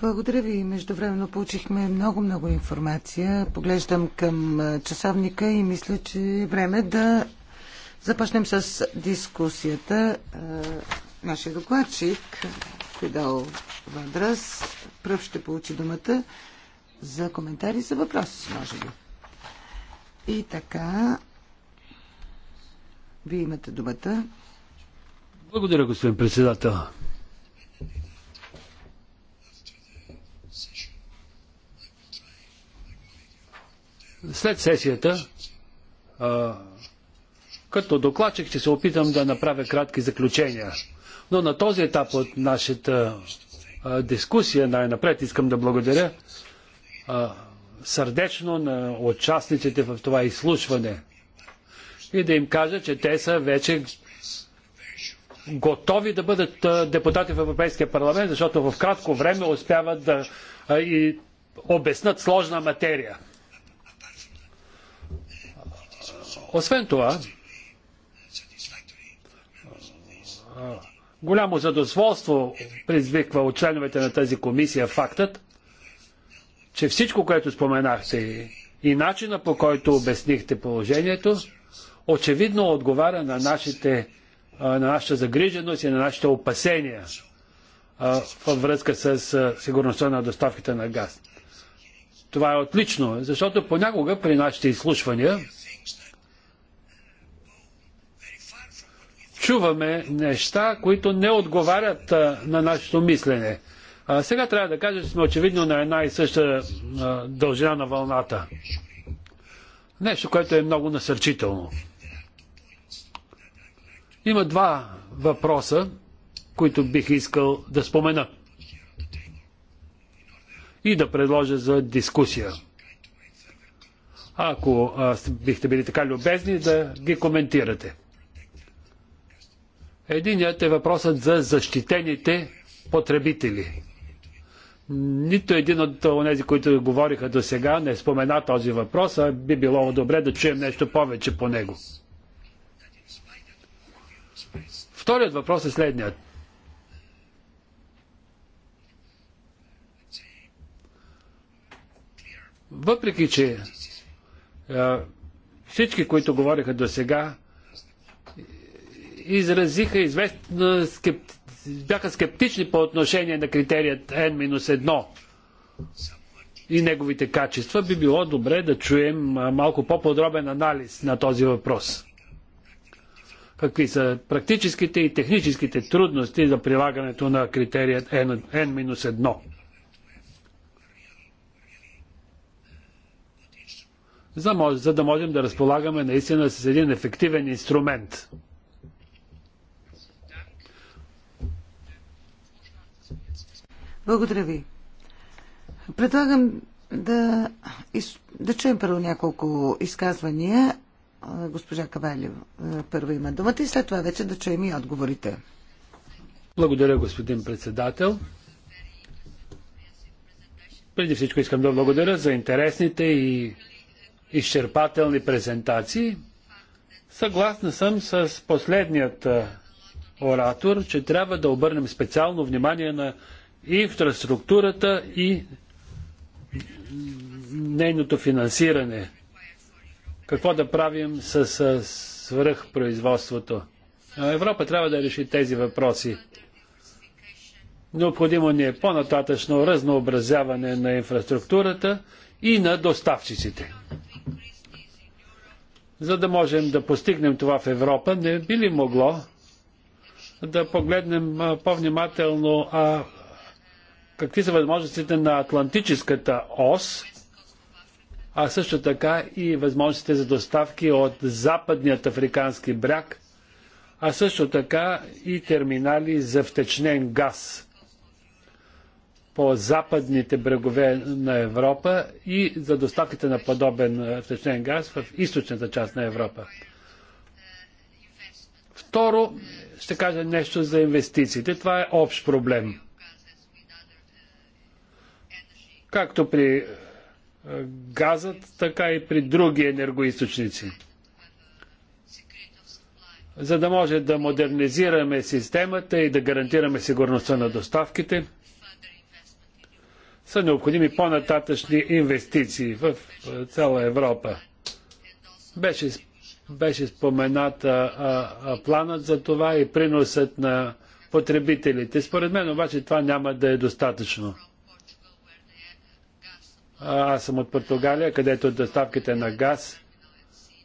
Благодаря ви. Междувременно получихме много-много информация. Поглеждам към часовника и мисля, че е време да Започнем с дискусията. Е, нашия докладчик, Фидал Вадрас, пръв ще получи думата за коментари, за въпроси, може би. И така, вие имате думата. Благодаря, господин председател. След сесията като докладчик ще се опитам да направя кратки заключения. Но на този етап от нашата а, дискусия най-напред искам да благодаря а, сърдечно на участниците в това изслушване и да им кажа, че те са вече готови да бъдат а, депутати в Европейския парламент, защото в кратко време успяват да а, и обяснат сложна материя. Освен това, голямо задоволство предизвиква от членовете на тази комисия фактът, че всичко, което споменахте и начина по който обяснихте положението, очевидно отговаря на, нашите, на нашата загриженост и на нашите опасения във връзка с сигурността на доставките на газ. Това е отлично, защото понякога при нашите изслушвания чуваме неща, които не отговарят на нашето мислене. А, сега трябва да кажа, че сме очевидно на една и съща а, дължина на вълната. Нещо, което е много насърчително. Има два въпроса, които бих искал да спомена и да предложа за дискусия. Ако а, бихте били така любезни да ги коментирате. Единият е въпросът за защитените потребители. Нито един от тези, които говориха до сега, не спомена този въпрос, а би било добре да чуем нещо повече по него. Вторият въпрос е следният. Въпреки, че е, всички, които говориха до сега, изразиха известна скепти... бяха скептични по отношение на критерият N-1 и неговите качества, би било добре да чуем малко по-подробен анализ на този въпрос. Какви са практическите и техническите трудности за прилагането на критерият N-1? За, за да можем да разполагаме наистина с един ефективен инструмент – Благодаря ви. Предлагам да, из... да чуем първо няколко изказвания. Госпожа Кавалио първо има думата и след това вече да чуем и отговорите. Благодаря, господин председател. Преди всичко искам да благодаря за интересните и изчерпателни презентации. Съгласна съм с последният оратор, че трябва да обърнем специално внимание на инфраструктурата и нейното финансиране. Какво да правим с, свръхпроизводството? Европа трябва да реши тези въпроси. Необходимо ни е по-нататъчно разнообразяване на инфраструктурата и на доставчиците. За да можем да постигнем това в Европа, не би ли могло да погледнем по-внимателно какви са възможностите на Атлантическата ОС, а също така и възможностите за доставки от западният африкански бряг, а също така и терминали за втечнен газ по западните брегове на Европа и за доставките на подобен втечнен газ в източната част на Европа. Второ, ще кажа нещо за инвестициите. Това е общ проблем както при е, газът, така и при други енергоисточници. За да може да модернизираме системата и да гарантираме сигурността на доставките, са необходими по-нататъчни инвестиции в е, цяла Европа. Беше, беше споменат а, а, планът за това и приносът на потребителите. Според мен обаче това няма да е достатъчно. Аз съм от Португалия, където доставките на газ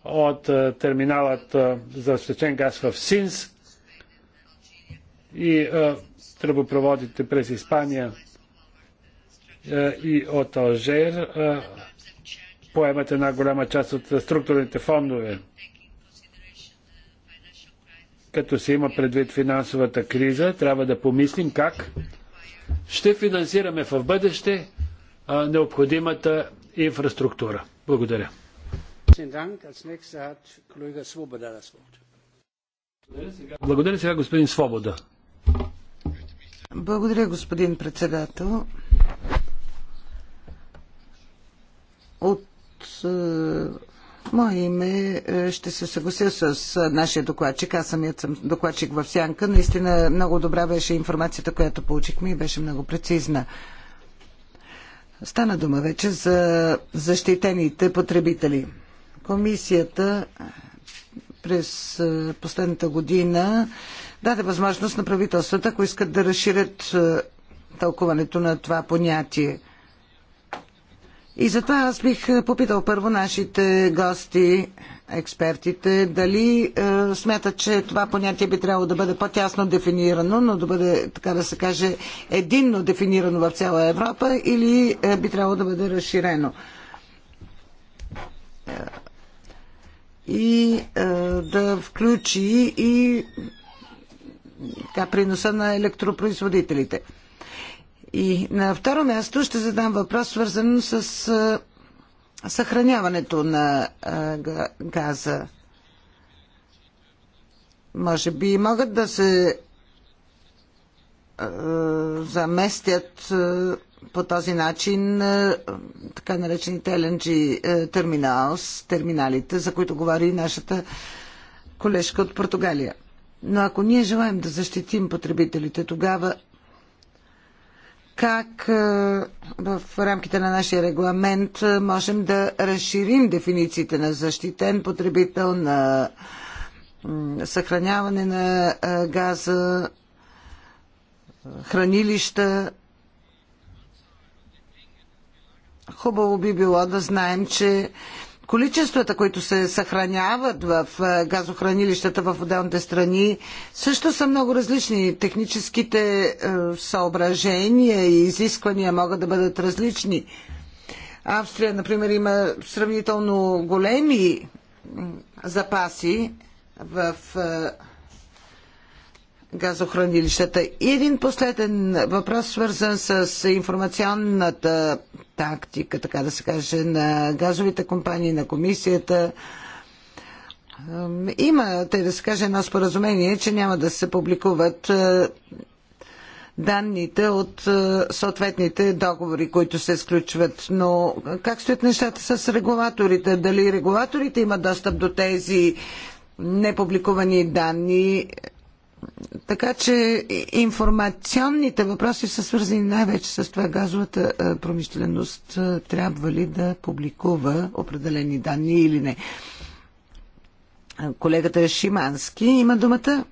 от терминалът за втечен газ в Синс и тръбопроводите през Испания и от Алжир поемат една голяма част от структурните фондове. Като се има предвид финансовата криза, трябва да помислим как ще финансираме в бъдеще необходимата инфраструктура. Благодаря. Благодаря сега господин Свобода. Благодаря, господин председател. От е, Мое име е, ще се съглася с е, нашия докладчик. Аз самият съм докладчик в Сянка. Наистина много добра беше информацията, която получихме и беше много прецизна. Стана дума вече за защитените потребители. Комисията през последната година даде възможност на правителствата, ако искат да разширят тълкуването на това понятие. И затова аз бих попитал първо нашите гости експертите, дали е, смятат, че това понятие би трябвало да бъде по-тясно дефинирано, но да бъде, така да се каже, единно дефинирано в цяла Европа или е, би трябвало да бъде разширено. Е, и е, да включи и така, приноса на електропроизводителите. И на второ място ще задам въпрос, свързан с е, съхраняването на газа. Може би могат да се заместят по този начин така наречените LNG терминалс, терминалите, за които говори нашата колежка от Португалия. Но ако ние желаем да защитим потребителите, тогава как е, в рамките на нашия регламент е, можем да разширим дефинициите на защитен потребител, на съхраняване на е, газа, хранилища. Хубаво би било да знаем, че количествата, които се съхраняват в газохранилищата в отделните страни, също са много различни. Техническите съображения и изисквания могат да бъдат различни. Австрия, например, има сравнително големи запаси в газохранилищата. И един последен въпрос, свързан с информационната тактика, така да се каже, на газовите компании, на комисията. Има, те да се каже, едно споразумение, че няма да се публикуват е, данните от е, съответните договори, които се сключват. Но как стоят нещата с регулаторите? Дали регулаторите имат достъп до тези непубликувани данни? така че информационните въпроси са свързани най-вече с това газовата е, промишленост е, трябва ли да публикува определени данни или не. Колегата Шимански има думата.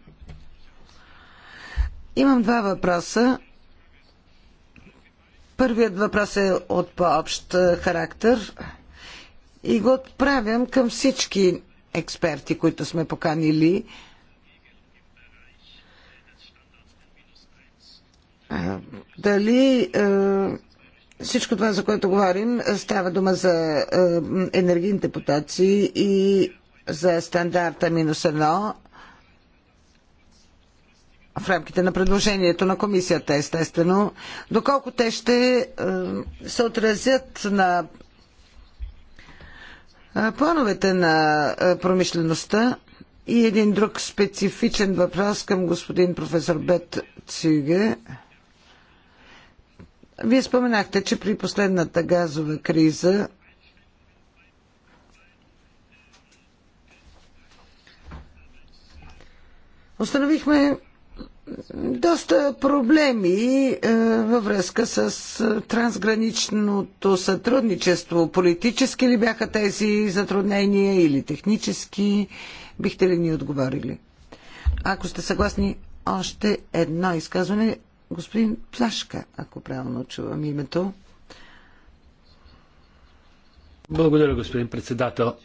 Имам два въпроса. Първият въпрос е от по-общ е, характер и го отправям към всички експерти, които сме поканили. Дали е, всичко това, за което говорим, става дума за е, енергийните потоци и за стандарта минус едно в рамките на предложението на комисията, естествено, доколко те ще е, се отразят на плановете на промишлеността и един друг специфичен въпрос към господин професор Бет Цюге – вие споменахте, че при последната газова криза установихме доста проблеми е, във връзка с е, трансграничното сътрудничество. Политически ли бяха тези затруднения или технически? Бихте ли ни отговорили? Ако сте съгласни, още едно изказване Господин Плашка, ако правилно чувам името. Благодаря, господин председател.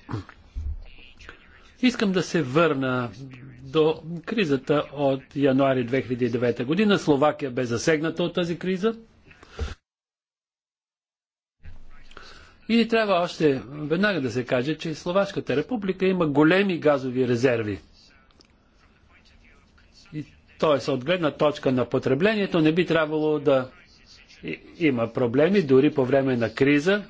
Искам да се върна до кризата от януари 2009 година. Словакия бе засегната от тази криза. И трябва още веднага да се каже, че Словашката република има големи газови резерви – т.е. от гледна точка на потреблението не би трябвало да има проблеми, дори по време на криза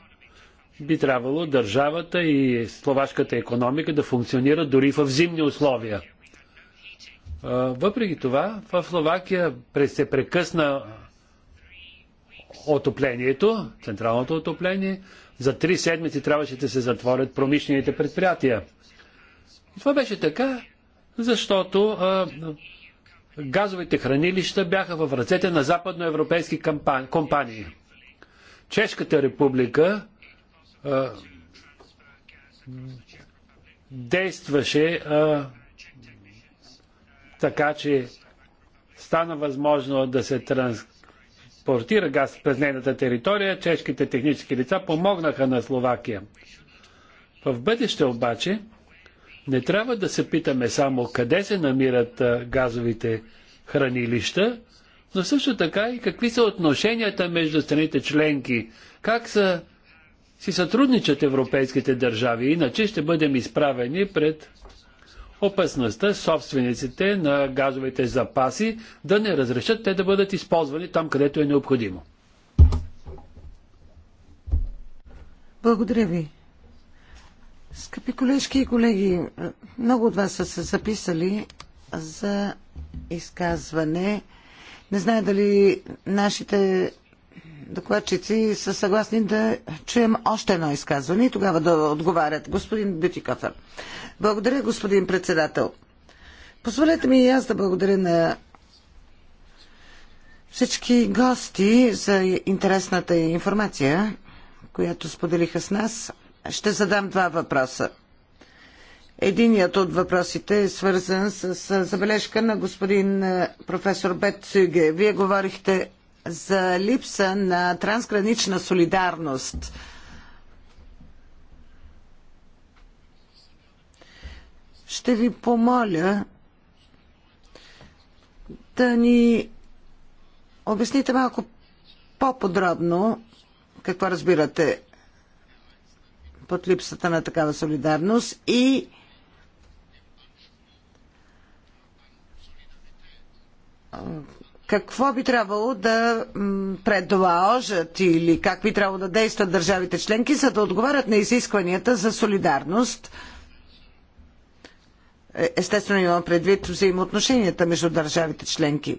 би трябвало държавата и словашката економика да функционира дори в зимни условия. Въпреки това, в Словакия се прекъсна отоплението, централното отопление. За три седмици трябваше да се затворят промишлените предприятия. Това беше така, защото а, газовите хранилища бяха в ръцете на западноевропейски компании. Чешката република а, действаше а, така, че стана възможно да се транспортира газ през нейната територия. Чешките технически лица помогнаха на Словакия. В бъдеще обаче не трябва да се питаме само къде се намират газовите хранилища, но също така и какви са отношенията между страните членки, как са, си сътрудничат европейските държави, иначе ще бъдем изправени пред опасността собствениците на газовите запаси да не разрешат те да бъдат използвани там, където е необходимо. Благодаря ви. Скъпи колежки и колеги, много от вас са се записали за изказване. Не знае дали нашите докладчици са съгласни да чуем още едно изказване и тогава да отговарят. Господин Бютикофер. Благодаря, господин председател. Позволете ми и аз да благодаря на всички гости за интересната информация, която споделиха с нас. Ще задам два въпроса. Единият от въпросите е свързан с, с забележка на господин е, професор Бет Цюге. Вие говорихте за липса на трансгранична солидарност. Ще ви помоля да ни обясните малко по-подробно какво разбирате под липсата на такава солидарност и какво би трябвало да предложат или как би трябвало да действат държавите членки, за да отговарят на изискванията за солидарност. Е, естествено имам предвид взаимоотношенията между държавите членки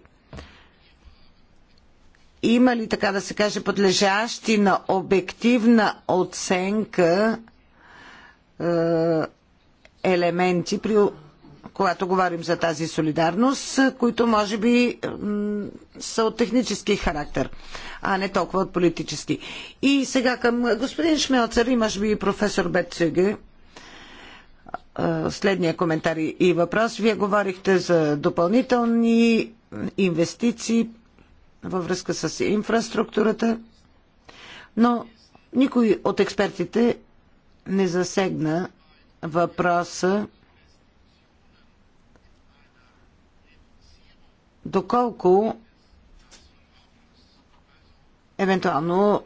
има ли, така да се каже, подлежащи на обективна оценка е, елементи, при, когато говорим за тази солидарност, които може би са от технически характер, а не толкова от политически. И сега към господин Шмелцер и може би и професор Бетцеге е, следния коментар и въпрос. Вие говорихте за допълнителни инвестиции, във връзка с инфраструктурата, но никой от експертите не засегна въпроса доколко евентуално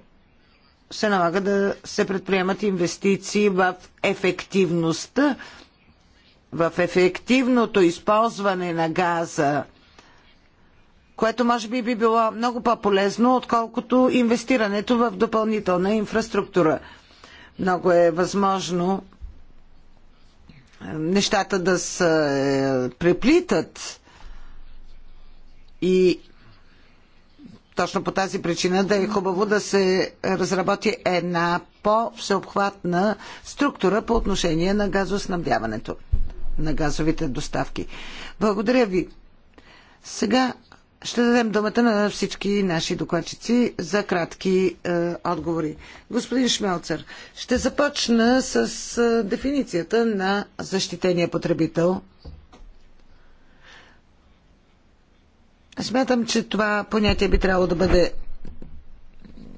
се налага да се предприемат инвестиции в ефективността, в ефективното използване на газа което може би би било много по-полезно, отколкото инвестирането в допълнителна инфраструктура. Много е възможно е, нещата да се е, преплитат и точно по тази причина да е хубаво да се разработи една по-всеобхватна структура по отношение на газоснабдяването, на газовите доставки. Благодаря ви. Сега ще дадем думата на всички наши докладчици за кратки е, отговори. Господин Шмелцер, ще започна с е, дефиницията на защитения потребител. Смятам, че това понятие би трябвало да бъде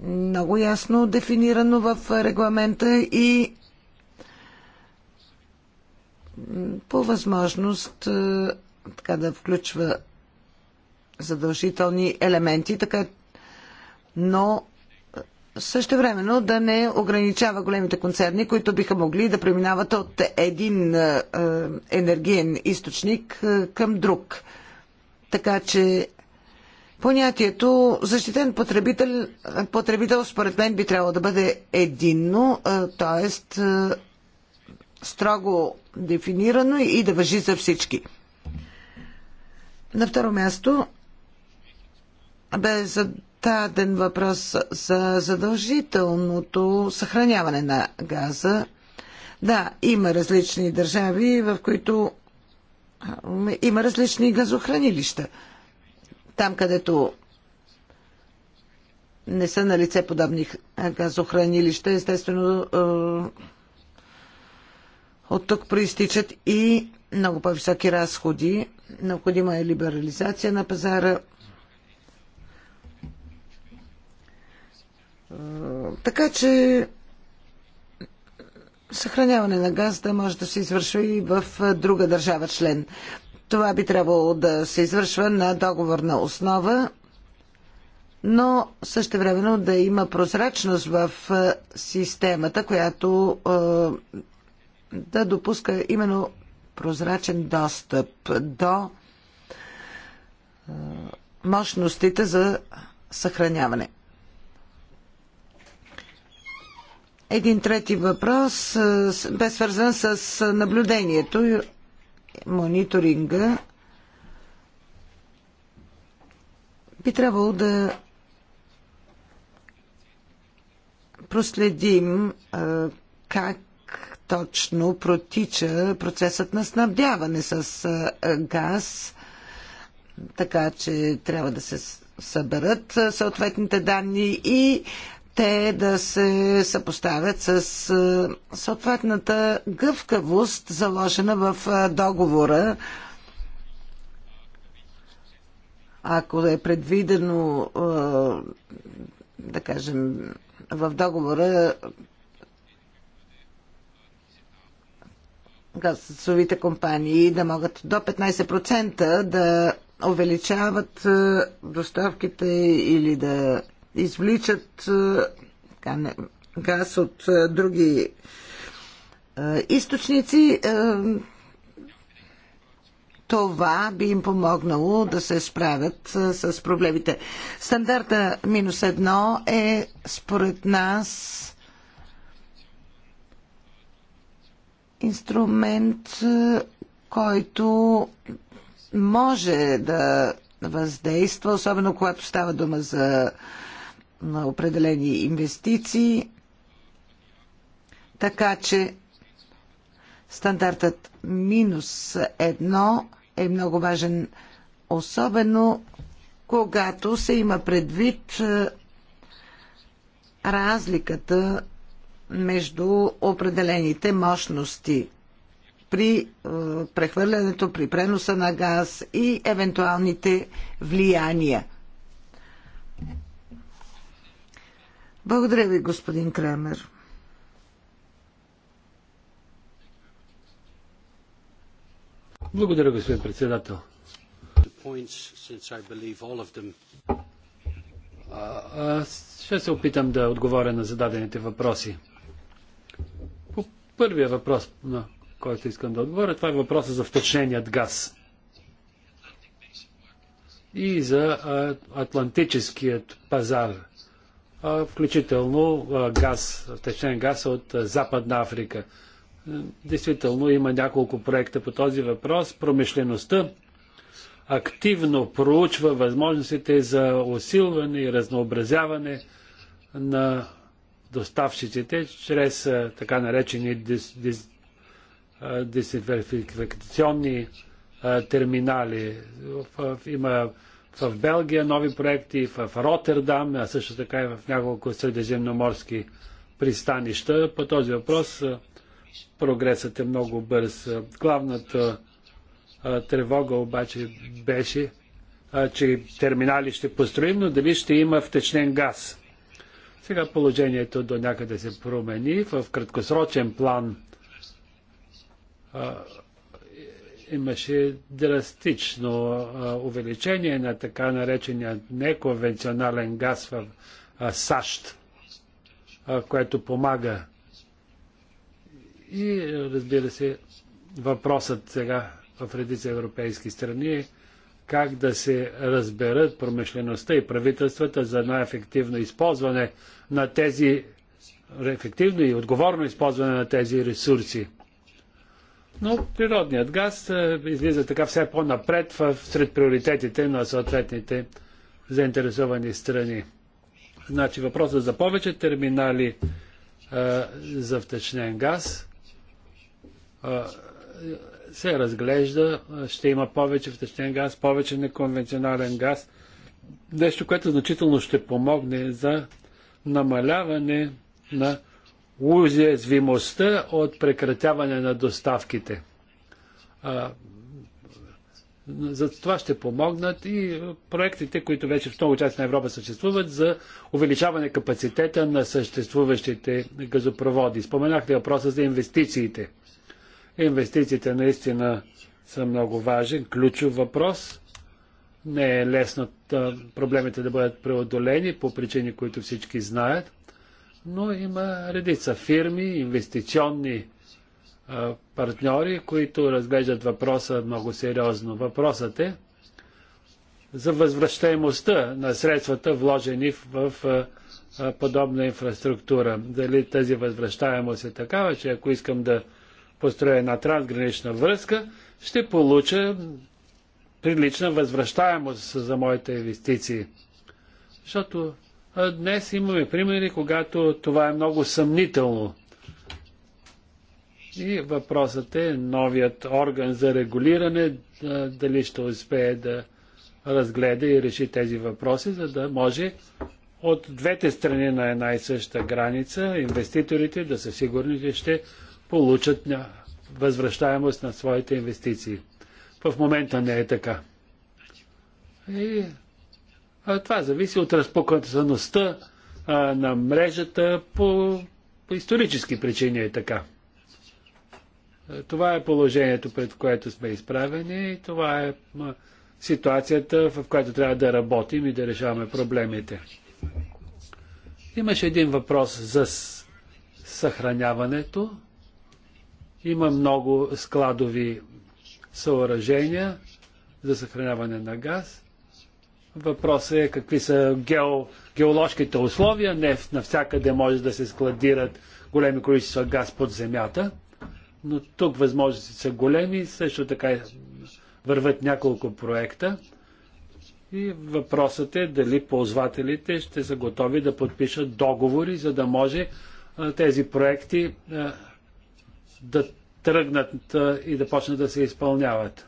много ясно дефинирано в регламента и по възможност е, така да включва задължителни елементи, така, но също времено да не ограничава големите концерни, които биха могли да преминават от един е, е, енергиен източник е, към друг. Така че понятието защитен потребител, потребител според мен би трябвало да бъде единно, т.е. строго дефинирано и да въжи за всички. На второ място бе зададен въпрос за задължителното съхраняване на газа. Да, има различни държави, в които има различни газохранилища. Там, където не са на лице подобни газохранилища, естествено от тук проистичат и много по-високи разходи. Необходима е либерализация на пазара, Е, така че съхраняване на газ да може да се извършва и в е, друга държава член. Това би трябвало да се извършва на договорна основа, но също времено да има прозрачност в е, системата, която да допуска именно прозрачен достъп до мощностите за съхраняване. Един трети въпрос бе свързан с наблюдението и мониторинга. Би трябвало да проследим как точно протича процесът на снабдяване с газ, така че трябва да се съберат съответните данни и те да се съпоставят с съответната гъвкавост, заложена в договора. Ако е предвидено, да кажем, в договора газовите компании да могат до 15% да увеличават доставките или да извличат е, газ от е, други е, източници, това би им помогнало да се справят с проблемите. Стандарта минус едно е според нас инструмент, който може да въздейства, особено когато става дума за на определени инвестиции, така че стандартът минус едно е много важен, особено когато се има предвид е, разликата между определените мощности при е, прехвърлянето, при преноса на газ и евентуалните влияния. Благодаря ви, господин Кремер. Благодаря, господин председател. ще се опитам да отговоря на зададените въпроси. По първия въпрос, на който искам да отговоря, това е въпроса за втечненият газ и за атлантическият пазар включително газ, втечнен газ от Западна Африка. Действително има няколко проекта по този въпрос. Промишлеността активно проучва възможностите за усилване и разнообразяване на доставчиците чрез така наречени дезинфекционни дис, дис терминали. Има в Белгия нови проекти, в Роттердам, а също така и в няколко средиземноморски пристанища. По този въпрос прогресът е много бърз. Главната тревога обаче беше, че терминали ще построим, но дали ще има втечнен газ. Сега положението до някъде се промени. В краткосрочен план имаше драстично увеличение на така наречения неконвенционален газ в САЩ, което помага. И разбира се, въпросът сега в редица европейски страни е как да се разберат промишлеността и правителствата за най-ефективно използване на тези ефективно и отговорно използване на тези ресурси. Но природният газ е, излиза така все по-напред в, сред приоритетите на съответните заинтересовани страни. Значи въпросът за повече терминали а, е, за втечнен газ а, е, се разглежда. Ще има повече втечнен газ, повече неконвенционален газ. Нещо, което значително ще помогне за намаляване на уязвимостта от прекратяване на доставките. За това ще помогнат и проектите, които вече в много част на Европа съществуват за увеличаване капацитета на съществуващите газопроводи. Споменах ли въпроса за инвестициите? Инвестициите наистина са много важен, ключов въпрос. Не е лесно проблемите да бъдат преодолени по причини, които всички знаят но има редица фирми, инвестиционни партньори, които разглеждат въпроса много сериозно. Въпросът е за възвръщаемостта на средствата, вложени в, подобна инфраструктура. Дали тази възвръщаемост е такава, че ако искам да построя една трансгранична връзка, ще получа прилична възвръщаемост за моите инвестиции. Защото Днес имаме примери, когато това е много съмнително. И въпросът е новият орган за регулиране, дали ще успее да разгледа и реши тези въпроси, за да може от двете страни на една и съща граница инвеститорите да са сигурни, че ще получат възвръщаемост на своите инвестиции. В момента не е така. И това зависи от разпокъсаността на мрежата по, по исторически причини е така. Това е положението, пред което сме изправени и това е ситуацията, в която трябва да работим и да решаваме проблемите. Имаше един въпрос за съхраняването. Има много складови съоръжения за съхраняване на газ. Въпросът е какви са гео, геоложките условия. Не навсякъде може да се складират големи количества газ под земята, но тук възможностите са големи. Също така върват няколко проекта. И въпросът е дали ползвателите ще са готови да подпишат договори, за да може тези проекти да тръгнат и да почнат да се изпълняват.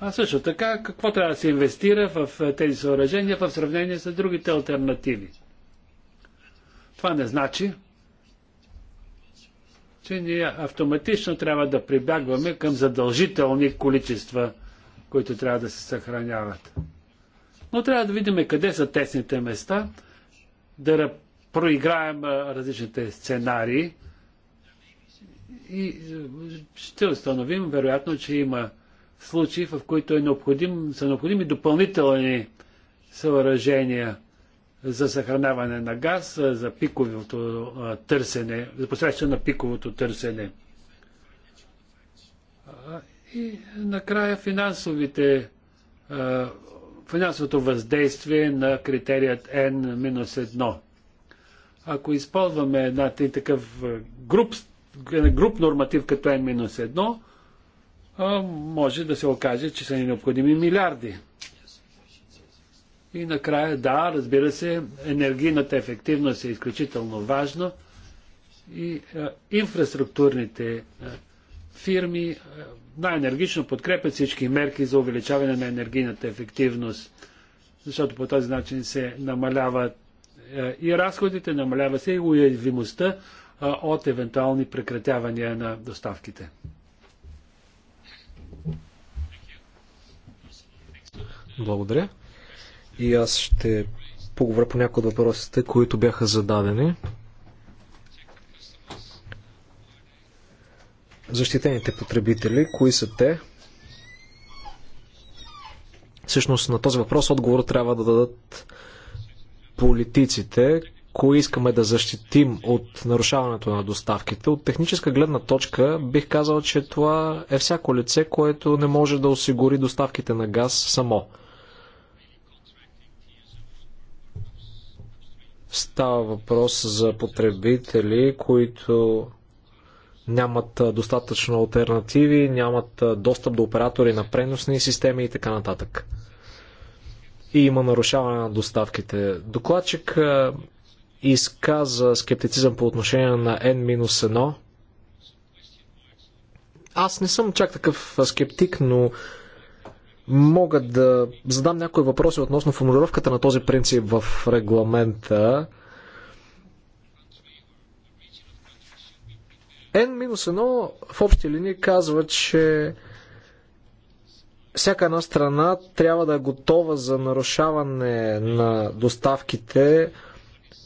А също така, какво трябва да се инвестира в е, тези съоръжения в сравнение с другите альтернативи? Това не значи, че ние автоматично трябва да прибягваме към задължителни количества, които трябва да се съхраняват. Но трябва да видим къде са тесните места, да проиграем различните сценарии и е, ще установим, вероятно, че има случаи, в които е необходим, са необходими допълнителни съоръжения за съхраняване на газ, за пиковото търсене, за посредство на пиковото търсене. И накрая финансовите, финансовото въздействие на критерият N-1. Ако използваме една такъв груп, груп норматив като N-1, може да се окаже, че са ни необходими милиарди. И накрая, да, разбира се, енергийната ефективност е изключително важна и а, инфраструктурните а, фирми най-енергично подкрепят всички мерки за увеличаване на енергийната ефективност, защото по този начин се намаляват а, и разходите, намалява се и уязвимостта а, от евентуални прекратявания на доставките. Благодаря. И аз ще поговоря по някои от въпросите, които бяха зададени. Защитените потребители, кои са те? Всъщност на този въпрос отговор трябва да дадат политиците, кои искаме да защитим от нарушаването на доставките. От техническа гледна точка бих казал, че това е всяко лице, което не може да осигури доставките на газ само. Става въпрос за потребители, които нямат достатъчно альтернативи, нямат достъп до оператори на преносни системи и така нататък. И има нарушаване на доставките. Докладчик изказа скептицизъм по отношение на N-1. Аз не съм чак такъв скептик, но мога да задам някои въпроси относно формулировката на този принцип в регламента. N-1 в общи линии казва, че всяка една страна трябва да е готова за нарушаване на доставките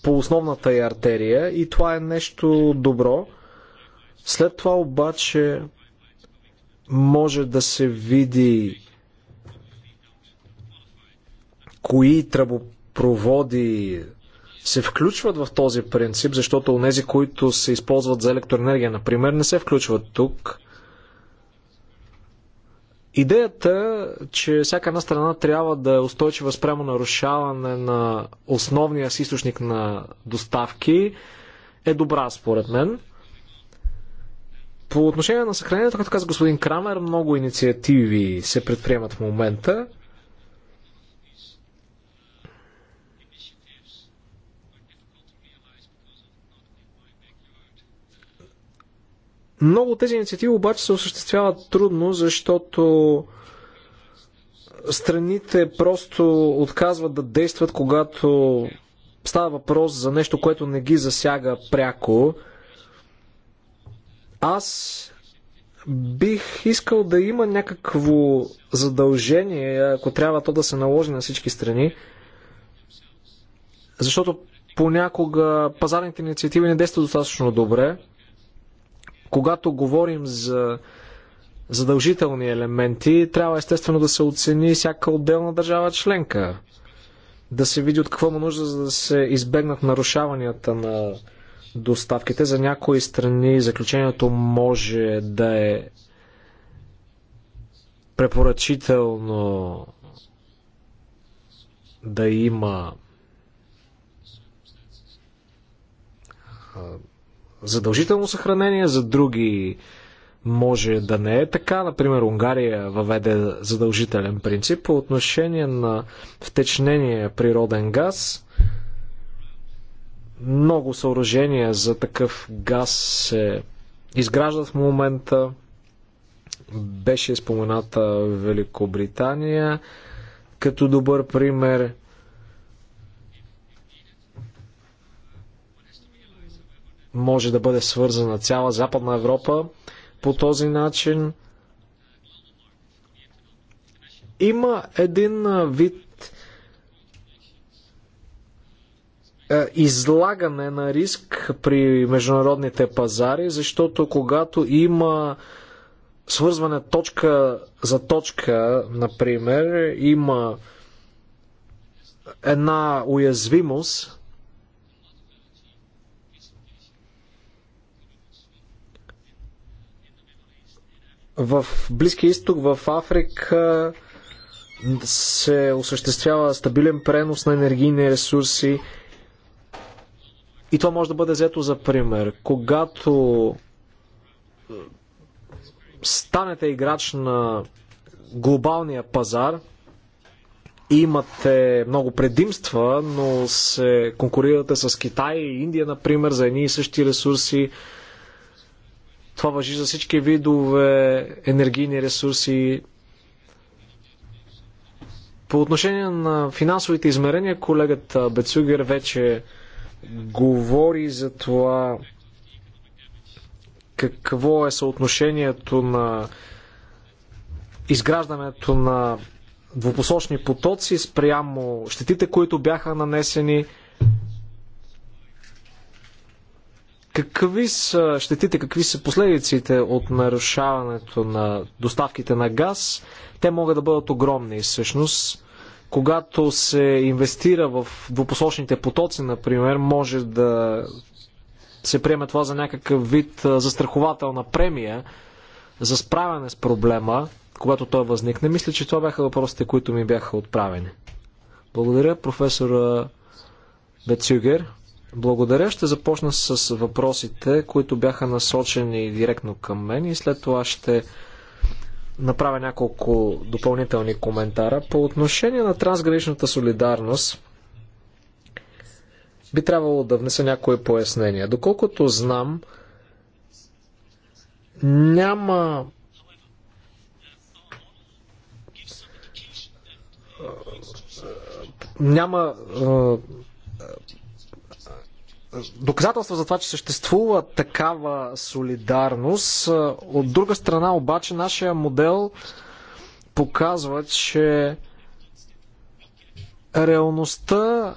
по основната й артерия и това е нещо добро. След това обаче може да се види кои тръбопроводи се включват в този принцип, защото онези, които се използват за електроенергия, например, не се включват тук. Идеята, че всяка една страна трябва да е устойчива спрямо нарушаване на основния си източник на доставки, е добра според мен. По отношение на съхранението, както каза господин Крамер, много инициативи се предприемат в момента. Много от тези инициативи обаче се осъществяват трудно, защото страните просто отказват да действат, когато става въпрос за нещо, което не ги засяга пряко. Аз бих искал да има някакво задължение, ако трябва то да се наложи на всички страни, защото понякога пазарните инициативи не действат достатъчно добре. Когато говорим за задължителни елементи, трябва естествено да се оцени всяка отделна държава членка. Да се види от какво му нужда, за да се избегнат нарушаванията на доставките. За някои страни заключението може да е препоръчително да има задължително съхранение, за други може да не е така. Например, Унгария въведе задължителен принцип по отношение на втечнение природен газ. Много съоръжения за такъв газ се изграждат в момента. Беше спомената Великобритания като добър пример – Може да бъде свързана цяла Западна Европа по този начин. Има един вид излагане на риск при международните пазари, защото когато има свързване точка за точка, например, има една уязвимост, В Близкия изток, в Африка се осъществява стабилен пренос на енергийни ресурси. И това може да бъде взето за пример. Когато е, станете играч на глобалния пазар, имате много предимства, но се конкурирате с Китай и Индия, например, за едни и същи ресурси. Това въжи за всички видове енергийни ресурси. По отношение на финансовите измерения, колегата Бецугер вече говори за това какво е съотношението на изграждането на двупосочни потоци спрямо щетите, които бяха нанесени – Какви са щетите, какви са последиците от нарушаването на доставките на газ? Те могат да бъдат огромни всъщност. Когато се инвестира в двупосочните потоци, например, може да се приеме това за някакъв вид застрахователна премия за справяне с проблема, когато той възникне. Мисля, че това бяха въпросите, които ми бяха отправени. Благодаря, професор Бецюгер. Благодаря. Ще започна с въпросите, които бяха насочени директно към мен и след това ще направя няколко допълнителни коментара. По отношение на трансграничната солидарност, би трябвало да внеса някои пояснения. Доколкото знам, няма няма доказателства за това, че съществува такава солидарност. От друга страна обаче нашия модел показва, че реалността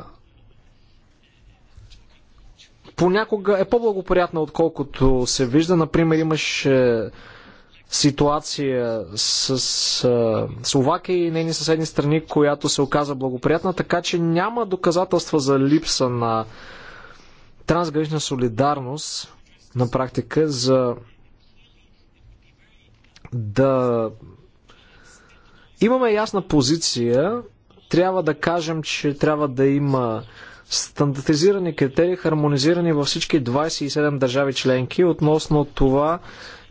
понякога е по-благоприятна, отколкото се вижда. Например, имаше ситуация с с Словакия и нейни съседни страни, която се оказа благоприятна, така че няма доказателства за липса на трансгранична солидарност на практика за да имаме ясна позиция, трябва да кажем, че трябва да има стандартизирани критерии, хармонизирани във всички 27 държави членки относно това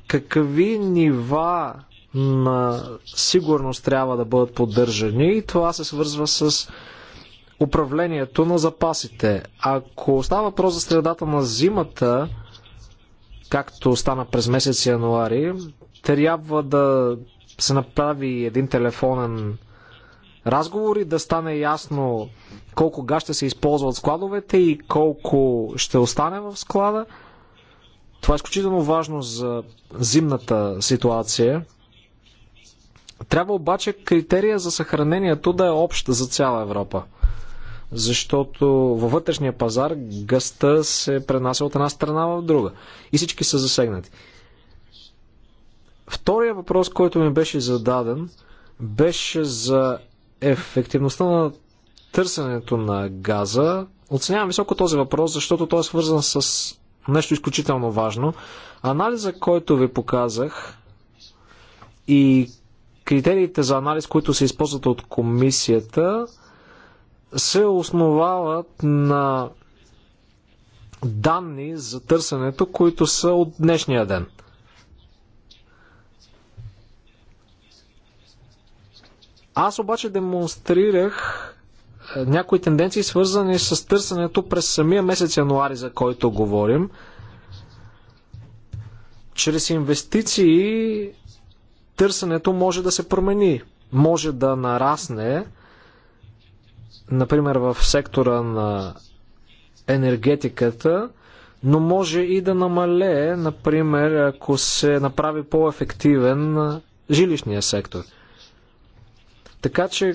какви нива на сигурност трябва да бъдат поддържани и това се свързва с управлението на запасите. Ако става въпрос за средата на зимата, както стана през месец януари, трябва да се направи един телефонен разговор и да стане ясно колко га ще се използват складовете и колко ще остане в склада. Това е изключително важно за зимната ситуация. Трябва обаче критерия за съхранението да е общ за цяла Европа защото във вътрешния пазар гъста се пренася от една страна в друга и всички са засегнати. Втория въпрос, който ми беше зададен, беше за ефективността на търсенето на газа. Оценявам високо този въпрос, защото той е свързан с нещо изключително важно. Анализа, който ви показах и критериите за анализ, които се използват от комисията, се основават на данни за търсенето, които са от днешния ден. Аз обаче демонстрирах е, някои тенденции, свързани с търсенето през самия месец януари, за който говорим. Чрез инвестиции търсенето може да се промени, може да нарасне, например в сектора на енергетиката, но може и да намалее, например, ако се направи по-ефективен жилищния сектор. Така че,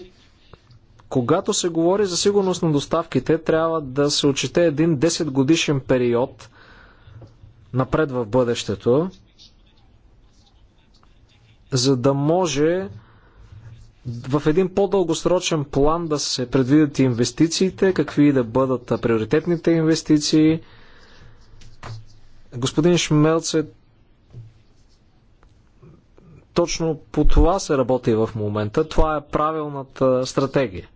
когато се говори за сигурност на доставките, трябва да се отчете един 10 годишен период напред в бъдещето, за да може в един по-дългосрочен план да се предвидят инвестициите, какви да бъдат приоритетните инвестиции. Господин Шмелце, точно по това се работи в момента. Това е правилната стратегия.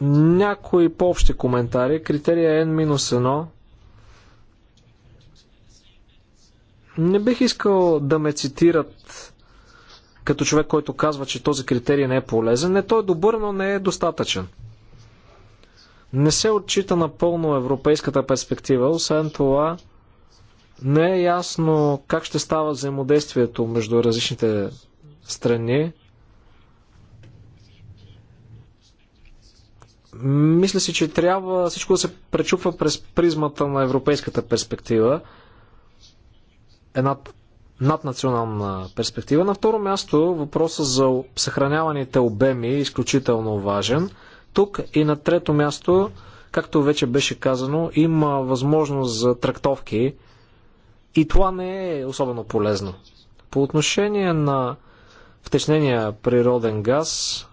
Някои по-общи коментари. Критерия N-1 Не бих искал да ме цитират като човек, който казва, че този критерий не е полезен. Не, той е добър, но не е достатъчен. Не се отчита напълно европейската перспектива, освен това не е ясно как ще става взаимодействието между различните страни. Мисля си, че трябва всичко да се пречупва през призмата на европейската перспектива една наднационална перспектива. На второ място въпросът за съхраняваните обеми е изключително важен. Тук и на трето място, както вече беше казано, има възможност за трактовки и това не е особено полезно. По отношение на втечнения природен газ,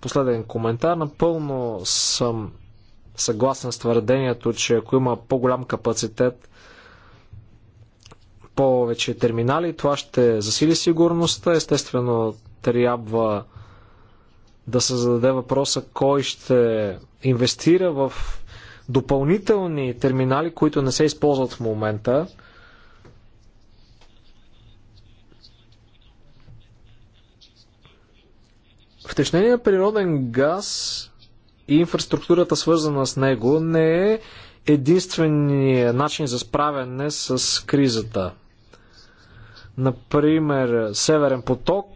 последен коментар, напълно съм съгласен с твърдението, че ако има по-голям капацитет повече терминали. Това ще засили сигурността. Естествено, трябва да се зададе въпроса кой ще инвестира в допълнителни терминали, които не се използват в момента. Втечнение на природен газ и инфраструктурата свързана с него не е единствения начин за справяне с кризата. Например, Северен поток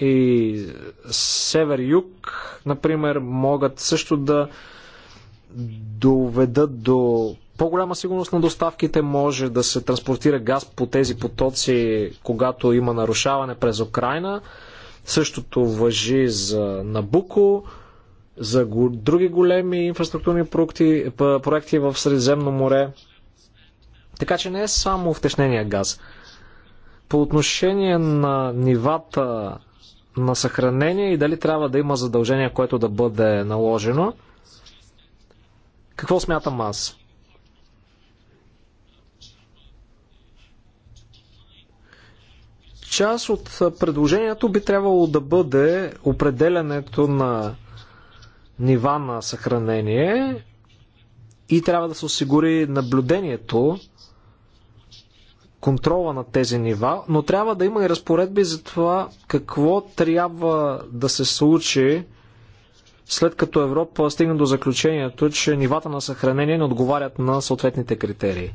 и Север-Юг, например, могат също да доведат до по-голяма сигурност на доставките, може да се транспортира газ по тези потоци, когато има нарушаване през Украина. Същото въжи за Набуко, за други големи инфраструктурни проекти, проекти в Средиземно море. Така че не е само втечнения газ. По отношение на нивата на съхранение и дали трябва да има задължение, което да бъде наложено, какво смятам аз? Част от предложението би трябвало да бъде определянето на нива на съхранение и трябва да се осигури наблюдението контрола на тези нива, но трябва да има и разпоредби за това какво трябва да се случи след като Европа стигне до заключението, че нивата на съхранение не отговарят на съответните критерии.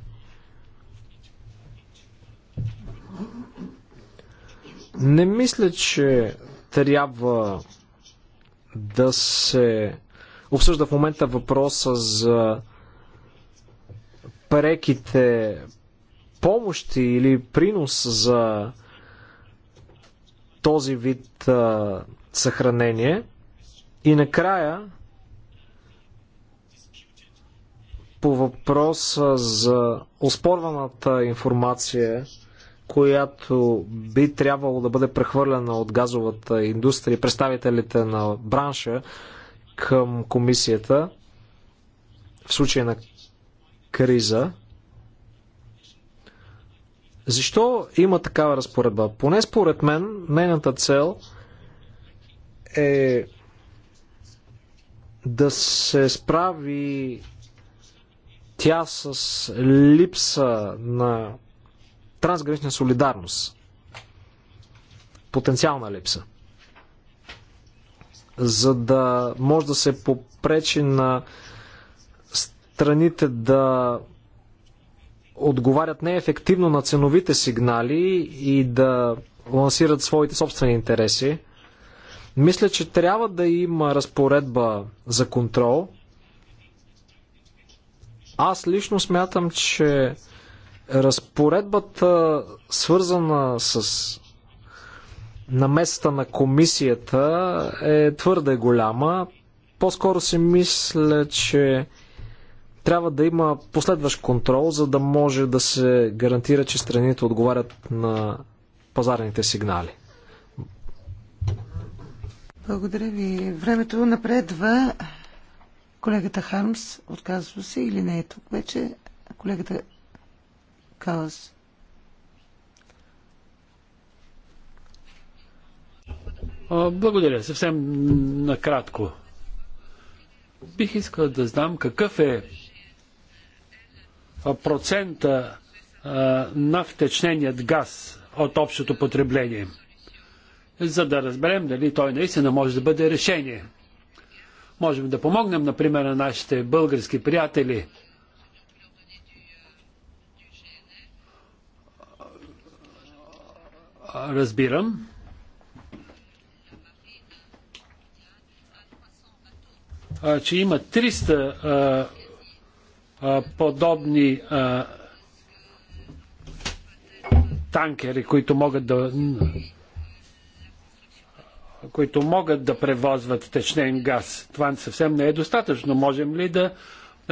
Не мисля, че трябва да се обсъжда в момента въпроса за преките помощи или принос за този вид а, съхранение. И накрая, по въпроса за оспорваната информация, която би трябвало да бъде прехвърлена от газовата индустрия, представителите на бранша към комисията в случай на криза, защо има такава разпоредба? Поне според мен, нейната цел е да се справи тя с липса на трансгранична солидарност. Потенциална липса. За да може да се попречи на страните да отговарят неефективно на ценовите сигнали и да лансират своите собствени интереси. Мисля, че трябва да има разпоредба за контрол. Аз лично смятам, че разпоредбата, свързана с намесата на комисията, е твърде голяма. По-скоро си мисля, че трябва да има последващ контрол, за да може да се гарантира, че страните отговарят на пазарните сигнали. Благодаря ви. Времето напредва. Колегата Хармс отказва се или не е тук вече? Колегата Каос. Благодаря. Съвсем накратко. Бих искал да знам какъв е процента на втечненият газ от общото потребление, за да разберем дали той наистина може да бъде решение. Можем да помогнем, например, на нашите български приятели разбирам. че има 300 подобни танкери, които могат да които могат да превозват течнен газ. Това съвсем не е достатъчно. Можем ли да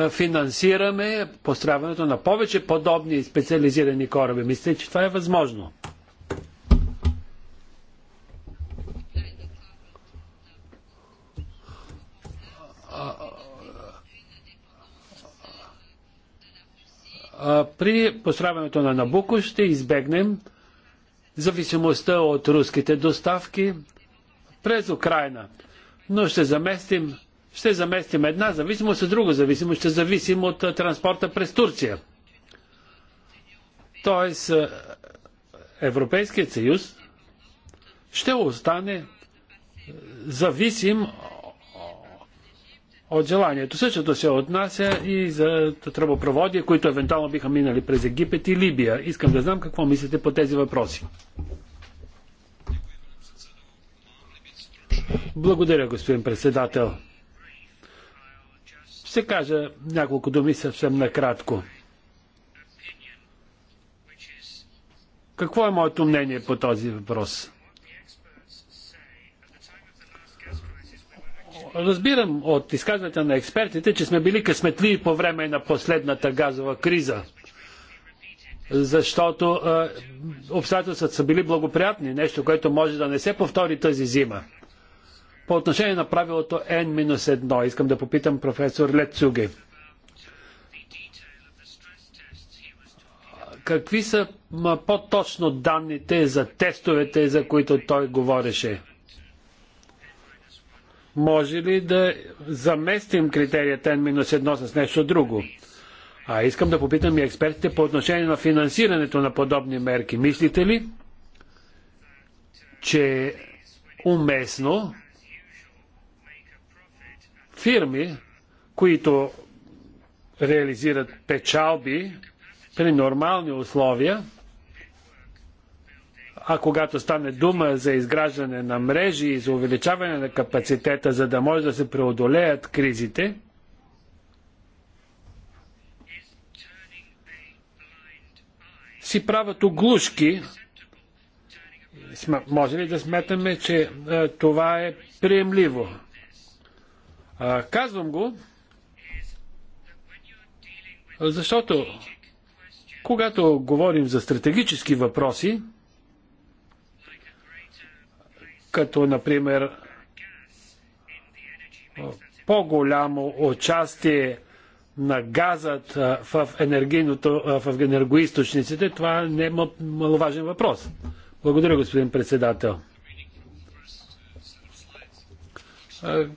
финансираме построяването на повече подобни специализирани кораби? Мисля, че това е възможно. при постравянето на Набуко ще избегнем зависимостта от руските доставки през Украина. Но ще заместим, ще заместим една зависимост с друга зависимост. Ще зависим от транспорта през Турция. Тоест, Европейският съюз ще остане зависим от желанието. Същото се отнася и за тръбопроводи, които евентуално биха минали през Египет и Либия. Искам да знам какво мислите по тези въпроси. Благодаря, господин председател. Ще кажа няколко думи съвсем накратко. Какво е моето мнение по този въпрос? разбирам от изказването на експертите, че сме били късметливи по време на последната газова криза, защото обстоятелствата са били благоприятни, нещо, което може да не се повтори тази зима. По отношение на правилото N-1, искам да попитам професор Лецуге. Какви са по-точно данните за тестовете, за които той говореше? може ли да заместим критерия минус 1 с нещо друго? А искам да попитам и експертите по отношение на финансирането на подобни мерки. Мислите ли, че уместно фирми, които реализират печалби при нормални условия, а когато стане дума за изграждане на мрежи и за увеличаване на капацитета, за да може да се преодолеят кризите, си правят оглушки. Може ли да сметаме, че а, е, това е приемливо? А, казвам го, защото когато говорим за стратегически въпроси, като например по-голямо участие на газът в, енергийното, в енергоисточниците, това не е маловажен въпрос. Благодаря, господин председател.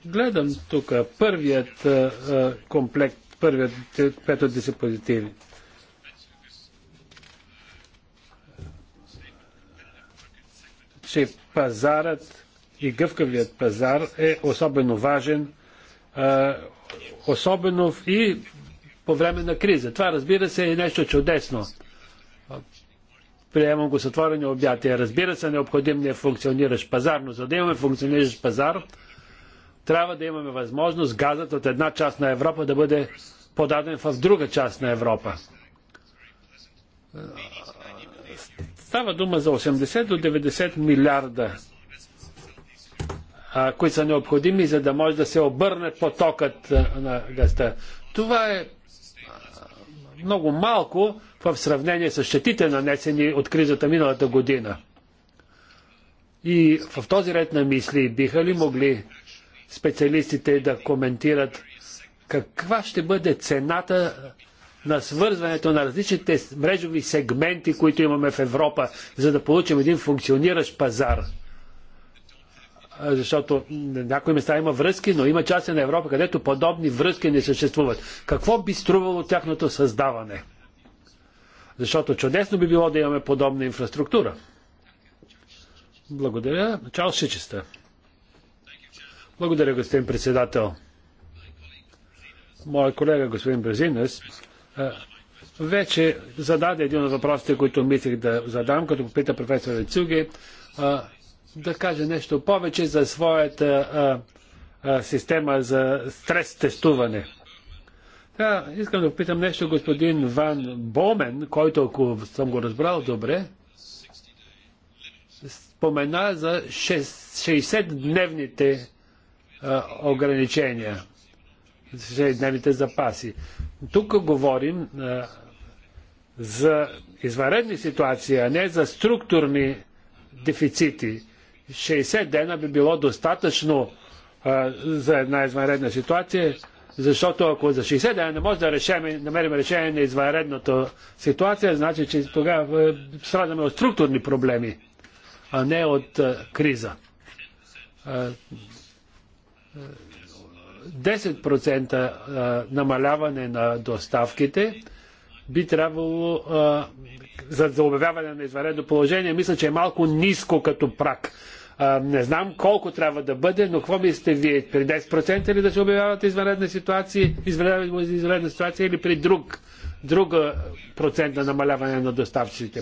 Гледам тук първият комплект, първият пет от диспозитиви. че пазарът и гъвкавият пазар е особено важен, особено и по време на криза. Това, разбира се, е нещо чудесно. Приемам го с отворени обятия. Разбира се, необходим не е функциониращ пазар, но за да имаме функциониращ пазар, трябва да имаме възможност газът от една част на Европа да бъде подаден в друга част на Европа. Става дума за 80 до 90 милиарда, а, които са необходими, за да може да се обърне потокът на газта. Това е много малко в сравнение с щетите нанесени от кризата миналата година. И в този ред на мисли биха ли могли специалистите да коментират каква ще бъде цената на свързването на различните мрежови сегменти, които имаме в Европа, за да получим един функциониращ пазар. Защото на някои места има връзки, но има части на Европа, където подобни връзки не съществуват. Какво би струвало тяхното създаване? Защото чудесно би било да имаме подобна инфраструктура. Благодаря. Чао Шичеста. Благодаря, господин председател. Моя колега, господин Бразинес, вече зададе един от въпросите, които мислех да задам, като попита професор Цюге, да каже нещо повече за своята система за стрес тестуване. Да, искам да попитам нещо господин Ван Бомен, който, ако съм го разбрал добре, спомена за 60-дневните ограничения ежедневните запаси. Тук говорим а, за извънредни ситуации, а не за структурни дефицити. 60 дена би било достатъчно а, за една извънредна ситуация, защото ако за 60 дена не може да решим, намерим решение на извънредната ситуация, значи, че тогава страдаме от структурни проблеми, а не от а, криза. А, 10% намаляване на доставките би трябвало за, за обявяване на изваредно положение, мисля, че е малко ниско като прак. Не знам колко трябва да бъде, но какво мислите вие? При 10% ли да се обявяват изваредна ситуация, изваредна, ситуация или при друг, друга процент на намаляване на доставчиците?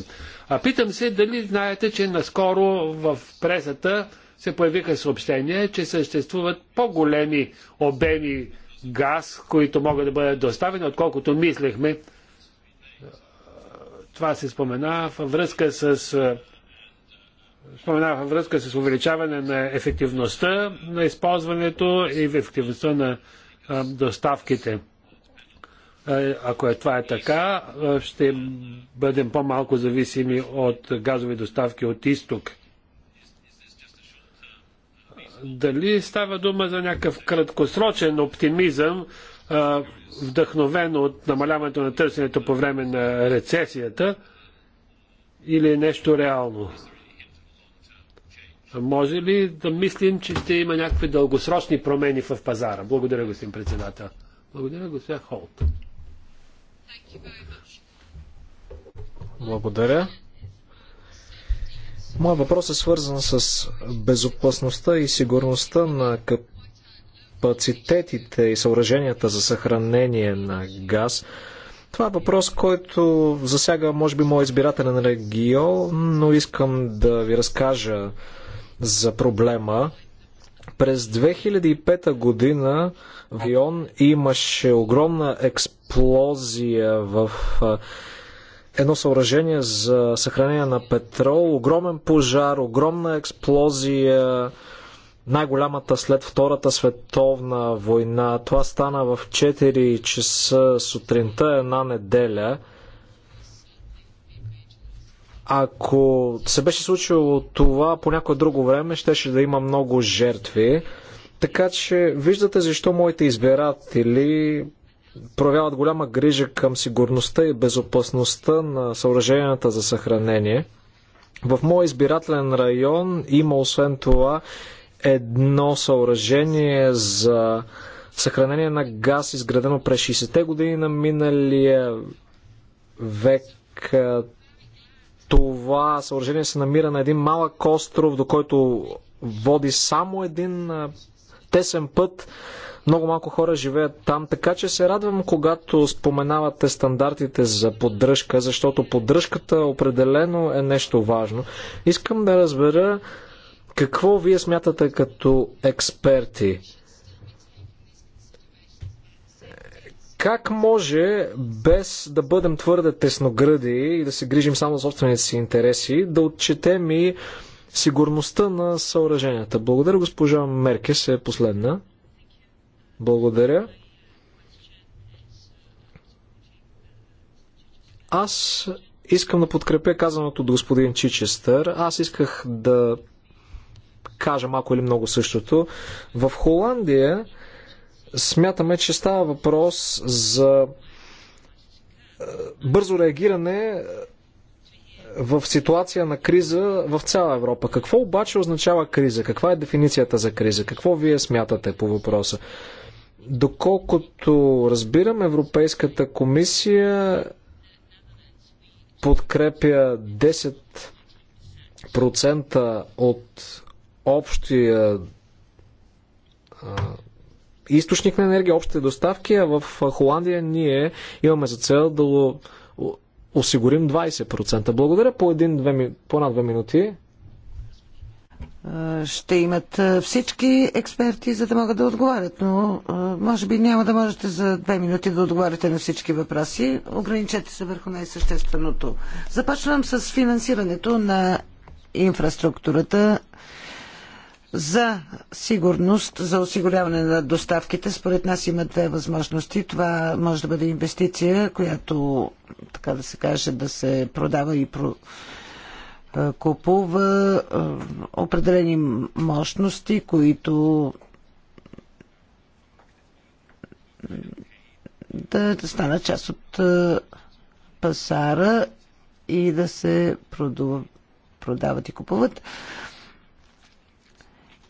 А питам се дали знаете, че наскоро в пресата се появиха съобщения, че съществуват по-големи обеми газ, които могат да бъдат доставени, отколкото мислехме. Това се спомена във връзка с споменава във връзка с увеличаване на ефективността на използването и в ефективността на доставките. Ако е това е така, ще бъдем по-малко зависими от газови доставки от изток дали става дума за някакъв краткосрочен оптимизъм, вдъхновен от намаляването на търсенето по време на рецесията, или е нещо реално? Може ли да мислим, че ще има някакви дългосрочни промени в пазара? Благодаря, господин председател. Благодаря, господин Холт. Благодаря. Моят въпрос е свързан с безопасността и сигурността на капацитетите и съоръженията за съхранение на газ. Това е въпрос, който засяга, може би, моят избирателен регион, но искам да ви разкажа за проблема. През 2005 година Вион имаше огромна експлозия в едно съоръжение за съхранение на петрол, огромен пожар, огромна експлозия, най-голямата след Втората световна война. Това стана в 4 часа сутринта една неделя. Ако се беше случило това по някое друго време, щеше да има много жертви. Така че виждате защо моите избиратели проявяват голяма грижа към сигурността и безопасността на съоръженията за съхранение. В моя избирателен район има освен това едно съоръжение за съхранение на газ, изградено през 60-те години на миналия век. Това съоръжение се намира на един малък остров, до който води само един тесен път. Много малко хора живеят там, така че се радвам, когато споменавате стандартите за поддръжка, защото поддръжката определено е нещо важно. Искам да разбера какво вие смятате като експерти. Как може, без да бъдем твърде тесногради и да се грижим само за собствените си интереси, да отчетем и сигурността на съоръженията? Благодаря, госпожа Меркес е последна. Благодаря. Аз искам да подкрепя казаното от господин Чичестър. Аз исках да кажа малко или много същото. В Холандия смятаме, че става въпрос за е, бързо реагиране е, в ситуация на криза в цяла Европа. Какво обаче означава криза? Каква е дефиницията за криза? Какво вие смятате по въпроса? Доколкото разбирам, Европейската комисия подкрепя 10% от общия източник на енергия, общите доставки, а в Холандия ние имаме за цел да осигурим 20%. Благодаря по, един, две, по една-две минути ще имат всички експерти, за да могат да отговарят. Но може би няма да можете за две минути да отговаряте на всички въпроси. Ограничете се върху най-същественото. Започвам с финансирането на инфраструктурата за сигурност, за осигуряване на доставките. Според нас има две възможности. Това може да бъде инвестиция, която, така да се каже, да се продава и про е, купува е, определени мощности, които да, стана станат част от е, пазара и да се продува, продават и купуват.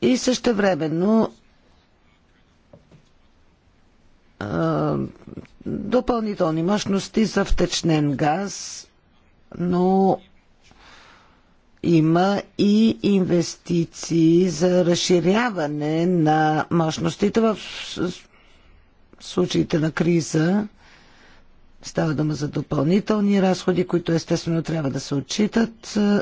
И също времено допълнителни мощности за втечнен газ, но има и инвестиции за разширяване на мощностите в случаите на криза. Става дума за допълнителни разходи, които естествено трябва да се отчитат е,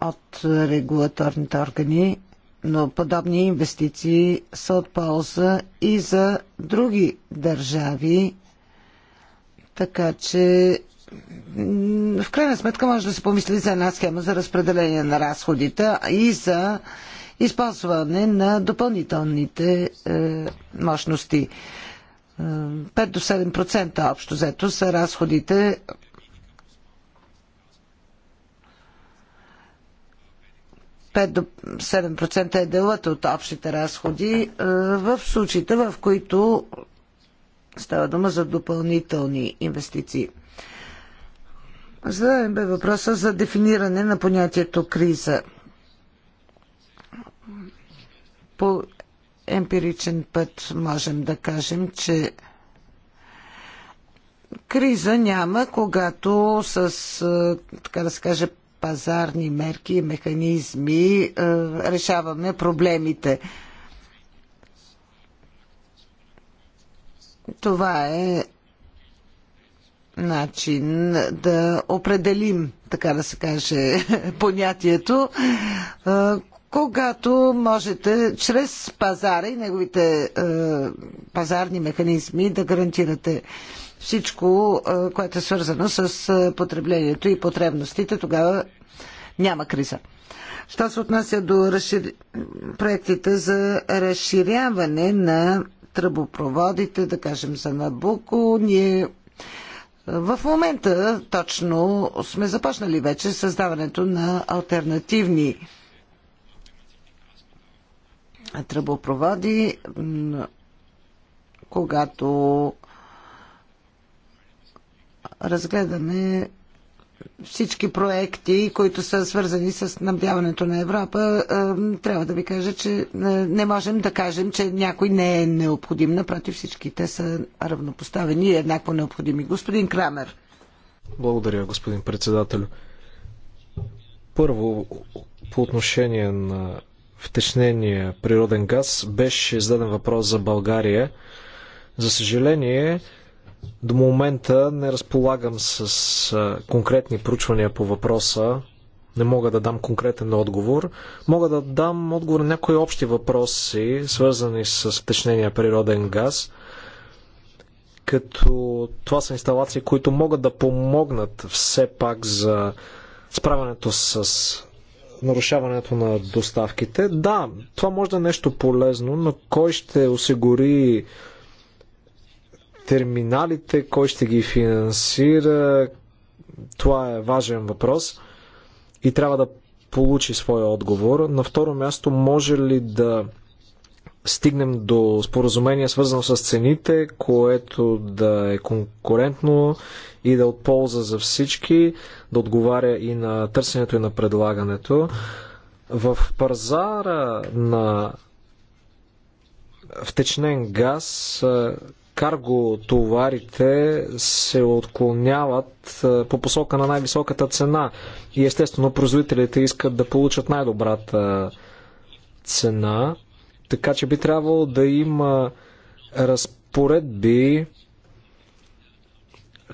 от регулаторните органи, но подобни инвестиции са от полза и за други държави, така че в крайна сметка може да се помисли за една схема за разпределение на разходите и за използване на допълнителните е, мощности. 5 е, до 7% общо взето са разходите до 7% е делът от общите разходи е, в случаите, в които става дума за допълнителни инвестиции. Задаваме бе въпроса за дефиниране на понятието криза. По емпиричен път можем да кажем, че криза няма, когато с, така да се каже, пазарни мерки и механизми решаваме проблемите. Това е начин да определим, така да се каже, понятието, когато можете чрез пазара и неговите пазарни механизми да гарантирате всичко, което е свързано с потреблението и потребностите, тогава няма криза. Що се отнася до разшир... проектите за разширяване на тръбопроводите, да кажем за Набуко, ние в момента точно сме започнали вече създаването на альтернативни тръбопроводи, когато разгледаме всички проекти, които са свързани с набяването на Европа, е, трябва да ви кажа, че е, не можем да кажем, че някой не е необходим. Напротив, всички те са равнопоставени и еднакво необходими. Господин Крамер. Благодаря, господин председател. Първо, по отношение на втечнения природен газ, беше зададен въпрос за България. За съжаление, до момента не разполагам с конкретни проучвания по въпроса. Не мога да дам конкретен отговор. Мога да дам отговор на някои общи въпроси, свързани с втечнения природен газ като това са инсталации, които могат да помогнат все пак за справянето с нарушаването на доставките. Да, това може да е нещо полезно, но кой ще осигури терминалите, кой ще ги финансира, това е важен въпрос и трябва да получи своя отговор. На второ място, може ли да стигнем до споразумение свързано с цените, което да е конкурентно и да е от полза за всички, да отговаря и на търсенето и на предлагането. В пазара на втечнен газ карго товарите се отклоняват по посока на най-високата цена и естествено производителите искат да получат най-добрата цена, така че би трябвало да има разпоредби,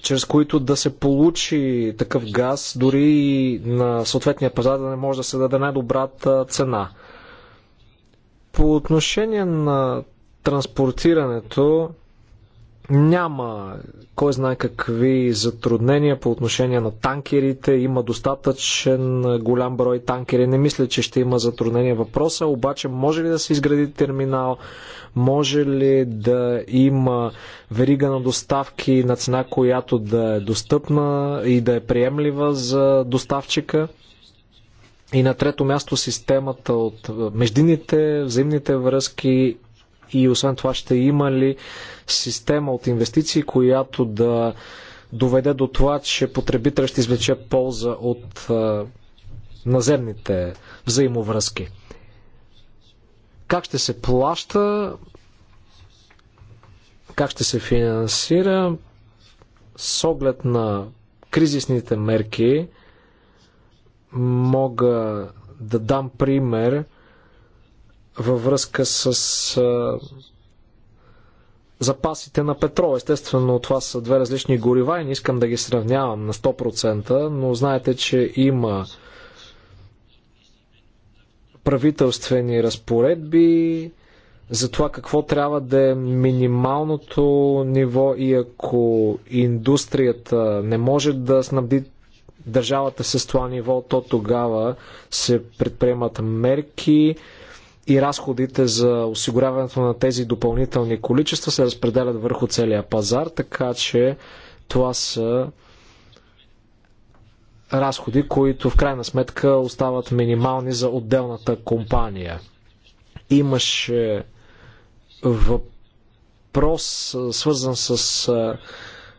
чрез които да се получи такъв газ, дори и на съответния пазар да не може да се даде най-добрата цена. По отношение на транспортирането, няма кой знае какви затруднения по отношение на танкерите. Има достатъчен голям брой танкери. Не мисля, че ще има затруднения. Въпроса обаче може ли да се изгради терминал? Може ли да има верига на доставки на цена, която да е достъпна и да е приемлива за доставчика? И на трето място системата от междинните, взаимните връзки и освен това ще има ли система от инвестиции, която да доведе до това, че потребителят ще извлече полза от наземните взаимовръзки. Как ще се плаща? Как ще се финансира? С оглед на кризисните мерки мога да дам пример – във връзка с а, запасите на петрол. Естествено, това са две различни горива и не искам да ги сравнявам на 100%, но знаете, че има правителствени разпоредби за това какво трябва да е минималното ниво и ако индустрията не може да снабди държавата с това ниво, то тогава се предприемат мерки, и разходите за осигуряването на тези допълнителни количества се разпределят върху целия пазар, така че това са разходи, които в крайна сметка остават минимални за отделната компания. Имаше въпрос, свързан с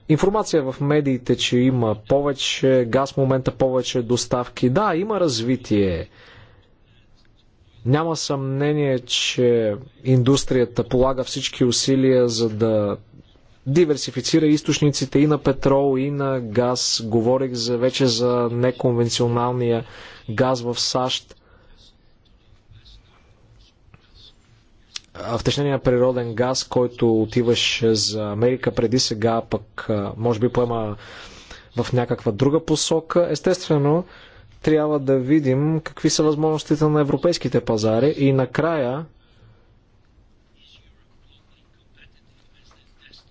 информация в медиите, че има повече газ, в момента повече доставки. Да, има развитие няма съмнение, че индустрията полага всички усилия за да диверсифицира източниците и на петрол, и на газ. Говорих за, вече за неконвенционалния газ в САЩ. втечнения природен газ, който отиваше за Америка преди сега, пък може би поема в някаква друга посока. Естествено, трябва да видим какви са възможностите на европейските пазари и накрая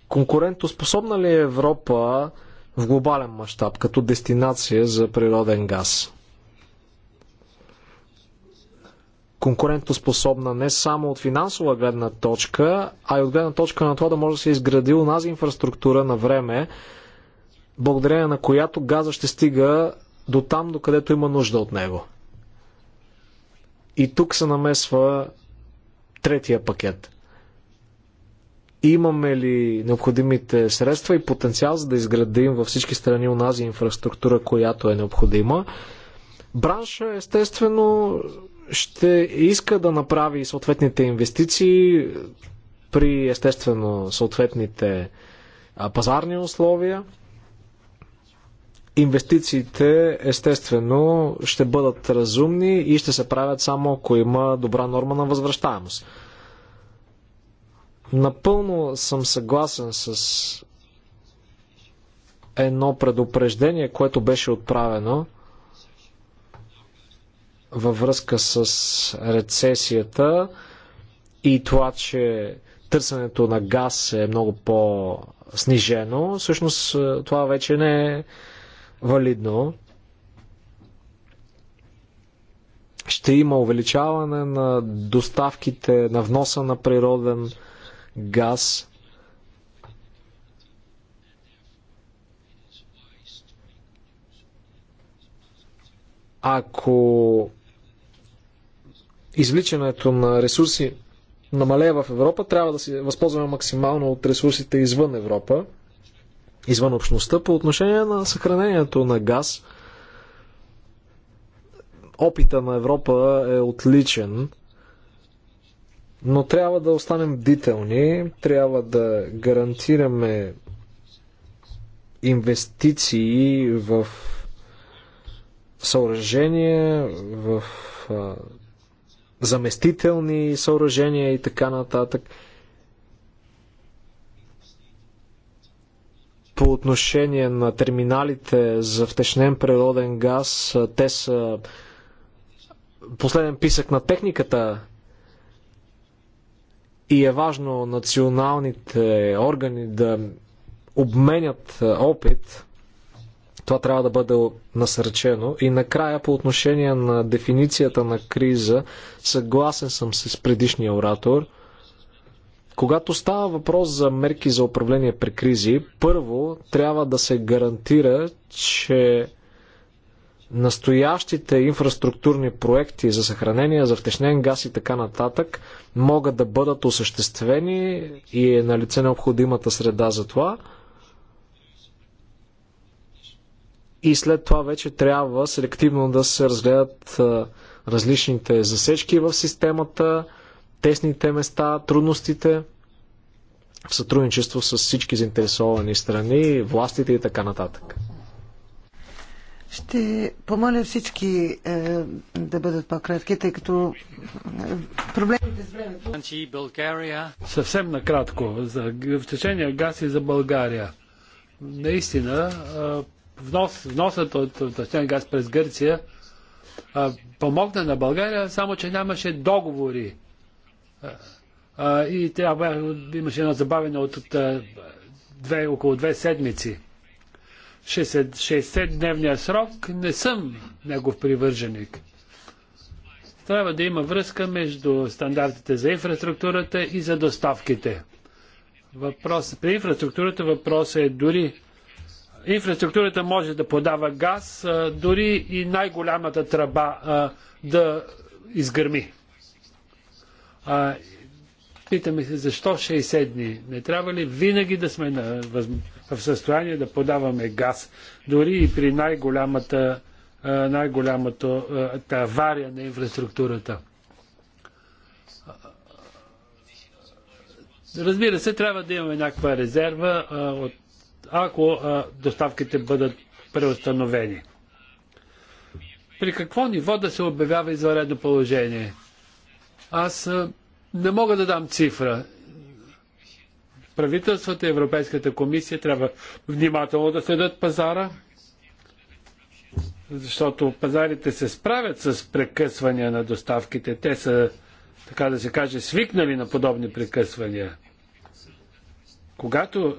конкурентоспособна ли е Европа в глобален мащаб като дестинация за природен газ? конкурентоспособна не само от финансова гледна точка, а и от гледна точка на това да може да се изгради унази инфраструктура на време, благодарение на която газа ще стига до там, докъдето има нужда от него. И тук се намесва третия пакет. Имаме ли необходимите средства и потенциал, за да изградим във всички страни у нас инфраструктура, която е необходима? Бранша, естествено, ще иска да направи съответните инвестиции при, естествено, съответните пазарни условия – Инвестициите, естествено, ще бъдат разумни и ще се правят само ако има добра норма на възвръщаемост. Напълно съм съгласен с едно предупреждение, което беше отправено във връзка с рецесията и това, че търсенето на газ е много по-снижено, всъщност е, това вече не е валидно. Ще има увеличаване на доставките, на вноса на природен газ. Ако извличането на ресурси намалее в Европа, трябва да се възползваме максимално от ресурсите извън Европа извън общността. По отношение на съхранението на газ, опита на Европа е отличен, но трябва да останем бдителни, трябва да гарантираме инвестиции в съоръжения, в заместителни съоръжения и така нататък. по отношение на терминалите за втечнен природен газ. Те са последен писък на техниката и е важно националните органи да обменят опит. Това трябва да бъде насърчено. И накрая по отношение на дефиницията на криза, съгласен съм с предишния оратор – когато става въпрос за мерки за управление при кризи, първо трябва да се гарантира, че настоящите инфраструктурни проекти за съхранение, за втечнен газ и така нататък могат да бъдат осъществени и е на лице необходимата среда за това. И след това вече трябва селективно да се разгледат различните засечки в системата, тесните места, трудностите в сътрудничество с всички заинтересовани страни, властите и така нататък. Ще помоля всички е, да бъдат по-кратки, тъй като е, проблемите с времето. Съвсем накратко, за втечения газ и за България. Наистина, е, внос, вносът от втечения газ през Гърция е, помогна на България, само че нямаше договори а, и трябва, имаше едно забавене от, от две, около две седмици. 60-дневния срок не съм негов привърженик. Трябва да има връзка между стандартите за инфраструктурата и за доставките. Въпрос, при инфраструктурата въпросът е дори инфраструктурата може да подава газ, дори и най-голямата тръба да изгърми. А, питаме се, защо 60 дни? Не трябва ли винаги да сме на, в състояние да подаваме газ, дори и при най-голямата най-голямата авария на инфраструктурата? Разбира се, трябва да имаме някаква резерва, ако доставките бъдат преустановени. При какво ниво да се обявява извънредно положение? Аз не мога да дам цифра. Правителствата, Европейската комисия трябва внимателно да следят пазара, защото пазарите се справят с прекъсвания на доставките. Те са, така да се каже, свикнали на подобни прекъсвания. Когато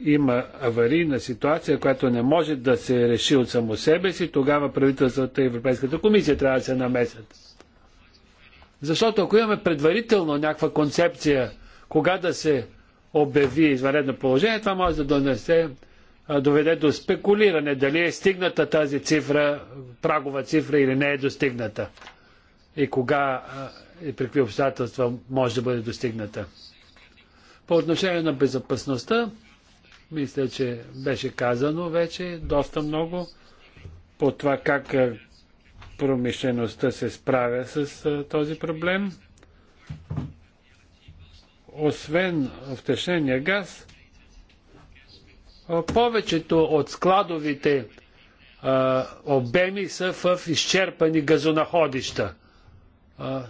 има аварийна ситуация, която не може да се реши от само себе си, тогава правителствата и Европейската комисия трябва да се намесят. Защото ако имаме предварително някаква концепция, кога да се обяви извънредно положение, това може да донесе, доведе до спекулиране, дали е стигната тази цифра, прагова цифра или не е достигната. И кога и при какви обстоятелства може да бъде достигната. По отношение на безопасността, мисля, че беше казано вече доста много по това как промишлеността се справя с а, този проблем. Освен втешения газ, а, повечето от складовите а, обеми са в изчерпани газонаходища. А,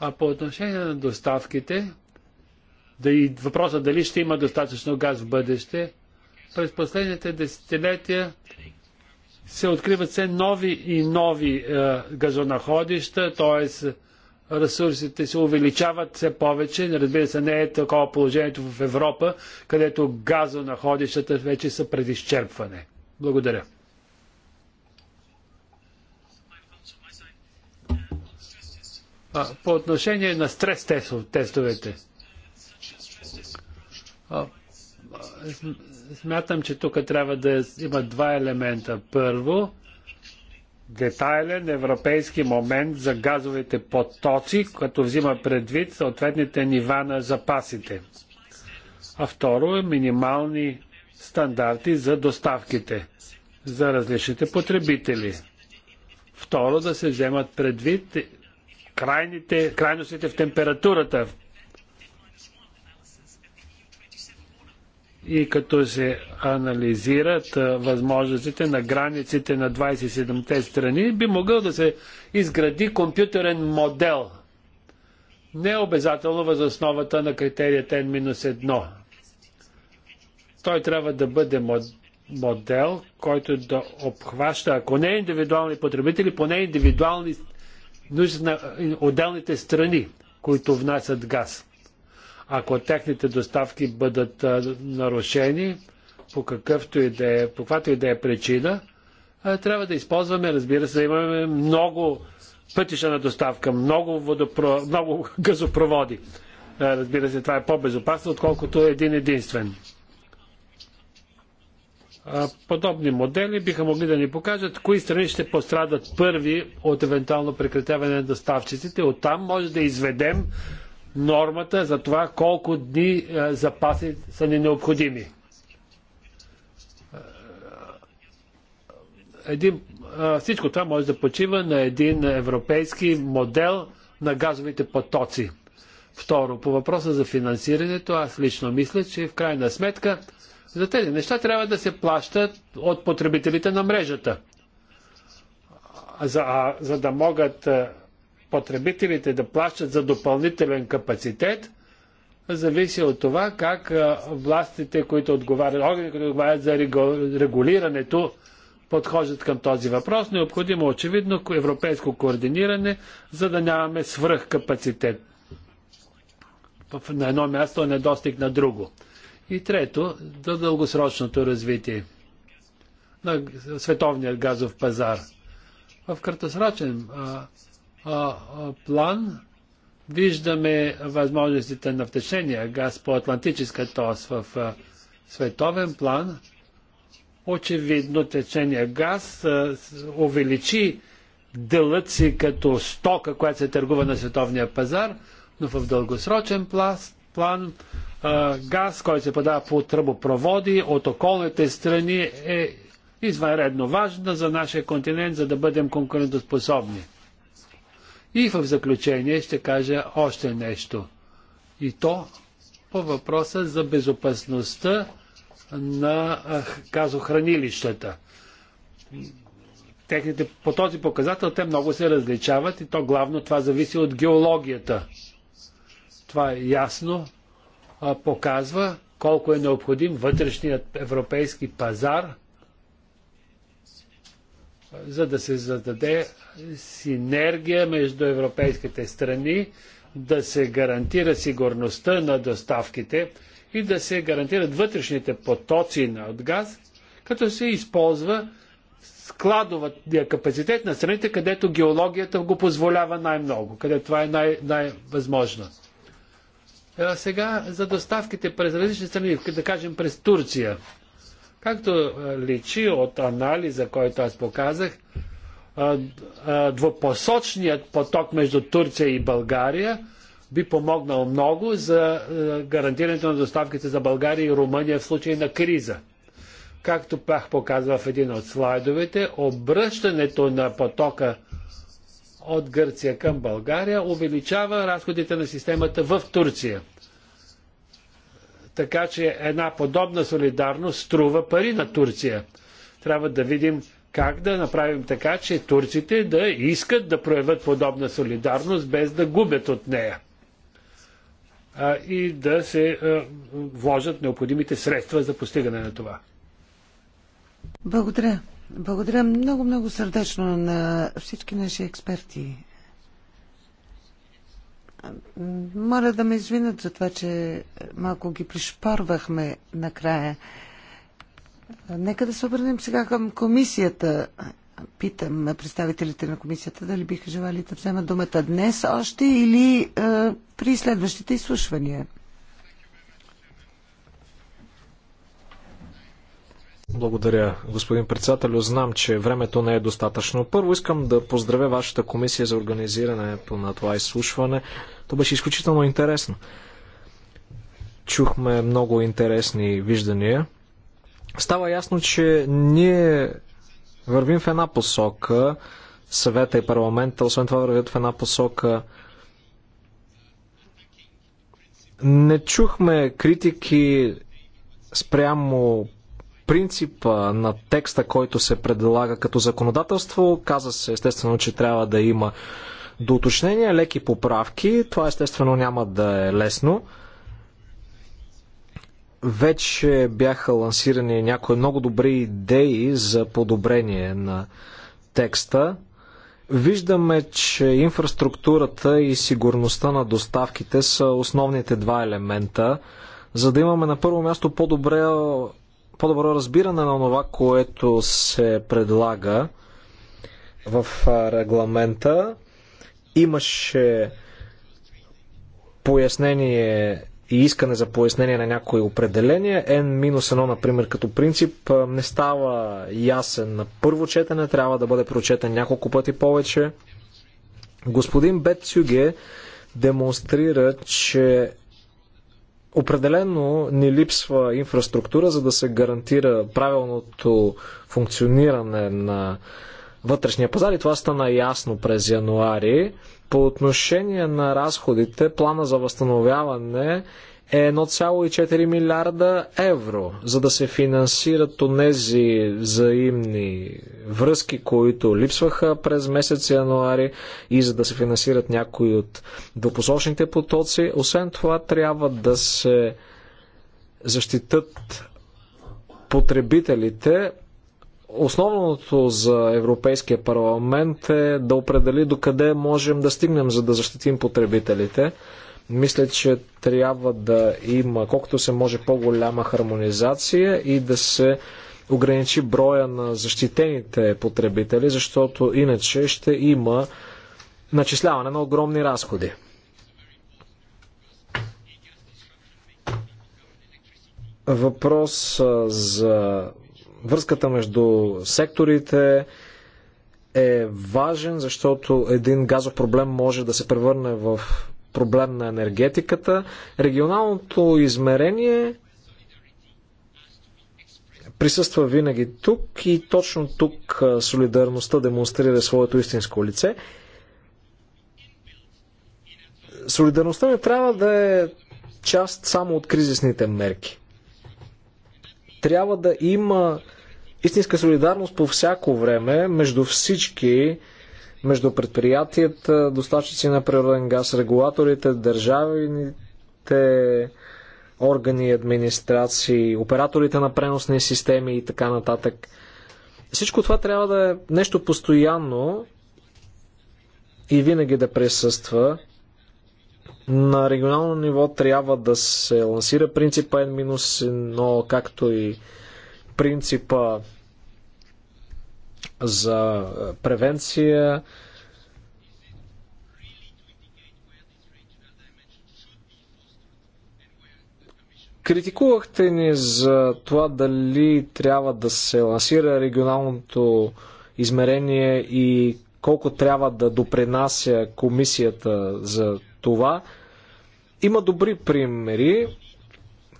а по отношение на доставките, да и въпроса дали ще има достатъчно газ в бъдеще, през последните десетилетия се откриват все нови и нови е, газонаходища, т.е. ресурсите се увеличават все повече. Разбира се, не е такова положението в Европа, където газонаходищата вече са пред изчерпване. Благодаря. А, по отношение на стрес тестовете. А, смятам, че тук трябва да има два елемента. Първо, детайлен европейски момент за газовите потоци, като взима предвид съответните нива на запасите. А второ, минимални стандарти за доставките за различните потребители. Второ, да се вземат предвид крайностите в температурата, и като се анализират възможностите на границите на 27-те страни, би могъл да се изгради компютърен модел. Не е обязателно възосновата на критерията N-1. Той трябва да бъде модел, който да обхваща, ако не индивидуални потребители, поне индивидуални нужди на отделните страни, които внасят газ ако техните доставки бъдат нарушени по какъвто и да е, по каквато и да е причина, трябва да използваме, разбира се, имаме много пътища на доставка, много, водопро... много газопроводи. Разбира се, това е по-безопасно, отколкото един единствен. Подобни модели биха могли да ни покажат кои страни ще пострадат първи от евентуално прекратяване на доставчиците. Оттам може да изведем нормата за това колко дни е, запаси са ни необходими. Е, един, е, всичко това може да почива на един европейски модел на газовите потоци. Второ, по въпроса за финансирането, аз лично мисля, че в крайна сметка за тези неща трябва да се плащат от потребителите на мрежата. За, а, за да могат потребителите да плащат за допълнителен капацитет, зависи от това как властите, които отговарят, органите, които отговарят за регулирането, подхождат към този въпрос. Необходимо очевидно европейско координиране, за да нямаме капацитет на едно място, недостиг на друго. И трето, за дългосрочното развитие на световния газов пазар. В краткосрочен а, план виждаме възможностите на втечения газ по Атлантическа ТОС в а, световен план. Очевидно течения газ а, увеличи дълът си като стока, която се търгува на световния пазар, но в дългосрочен пласт, план а, газ, който се подава по тръбопроводи от околните страни е извънредно важна за нашия континент, за да бъдем конкурентоспособни. И в заключение ще кажа още нещо. И то по въпроса за безопасността на казохранилищата. Техните, по този показател те много се различават и то главно това зависи от геологията. Това е ясно показва колко е необходим вътрешният европейски пазар, за да се зададе синергия между европейските страни, да се гарантира сигурността на доставките и да се гарантират вътрешните потоци на газ, като се използва складовия капацитет на страните, където геологията го позволява най-много, където това е най- най-възможно. А сега за доставките през различни страни, да кажем през Турция. Както личи от анализа, който аз показах, двупосочният поток между Турция и България би помогнал много за гарантирането на доставките за България и Румъния в случай на криза. Както бях показва в един от слайдовете, обръщането на потока от Гърция към България увеличава разходите на системата в Турция. Така че една подобна солидарност струва пари на Турция. Трябва да видим как да направим така, че турците да искат да проявят подобна солидарност, без да губят от нея а, и да се а, вложат необходимите средства за постигане на това. Благодаря. Благодаря много-много сърдечно на всички наши експерти. Моля да ме извинят за това, че малко ги пришпарвахме накрая. Нека да се обърнем сега към комисията. Питам представителите на комисията дали биха желали да вземат думата днес още или е, при следващите изслушвания. Благодаря, господин председател. Знам, че времето не е достатъчно. Първо искам да поздравя вашата комисия за организирането на това изслушване. То беше изключително интересно. Чухме много интересни виждания става ясно, че ние вървим в една посока, съвета и парламента, освен това вървят в една посока. Не чухме критики спрямо принципа на текста, който се предлага като законодателство. Каза се естествено, че трябва да има доуточнения, леки поправки. Това естествено няма да е лесно. Вече бяха лансирани някои много добри идеи за подобрение на текста. Виждаме, че инфраструктурата и сигурността на доставките са основните два елемента, за да имаме на първо място по-добре, по-добро разбиране на това, което се предлага в регламента. Имаше пояснение и искане за пояснение на някои определения. N-1, например, като принцип не става ясен на първо четене, трябва да бъде прочетен няколко пъти повече. Господин Цюге демонстрира, че определено ни липсва инфраструктура, за да се гарантира правилното функциониране на вътрешния пазар и това стана ясно през януари. По отношение на разходите, плана за възстановяване е 1,4 милиарда евро, за да се финансират онези взаимни връзки, които липсваха през месец януари и за да се финансират някои от допосочните потоци. Освен това, трябва да се защитат потребителите Основното за Европейския парламент е да определи докъде можем да стигнем, за да защитим потребителите. Мисля, че трябва да има колкото се може по-голяма хармонизация и да се ограничи броя на защитените потребители, защото иначе ще има начисляване на огромни разходи. Въпрос за Връзката между секторите е важен, защото един газов проблем може да се превърне в проблем на енергетиката. Регионалното измерение присъства винаги тук и точно тук солидарността демонстрира своето истинско лице. Солидарността не трябва да е част само от кризисните мерки. Трябва да има истинска солидарност по всяко време между всички, между предприятията, доставчици на природен газ, регулаторите, държавните органи, администрации, операторите на преносни системи и така нататък. Всичко това трябва да е нещо постоянно и винаги да присъства. На регионално ниво трябва да се лансира принципа N-1, както и принципа за е, превенция, Критикувахте ни за това дали трябва да се лансира регионалното измерение и колко трябва да допренася комисията за това. Има добри примери,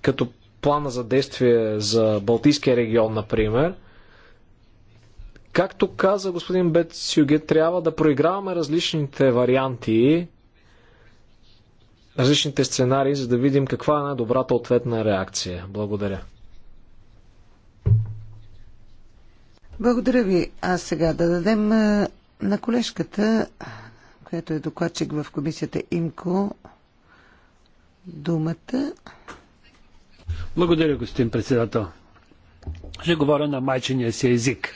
като плана за действие за Балтийския регион, например. Както каза господин Бет Сюге, трябва да проиграваме различните варианти, различните сценарии, за да видим каква е най-добрата ответна реакция. Благодаря. Благодаря ви. А сега да дадем на колежката, която е докладчик в комисията ИМКО, думата. Благодаря, господин председател. Ще говоря на майчиния си език.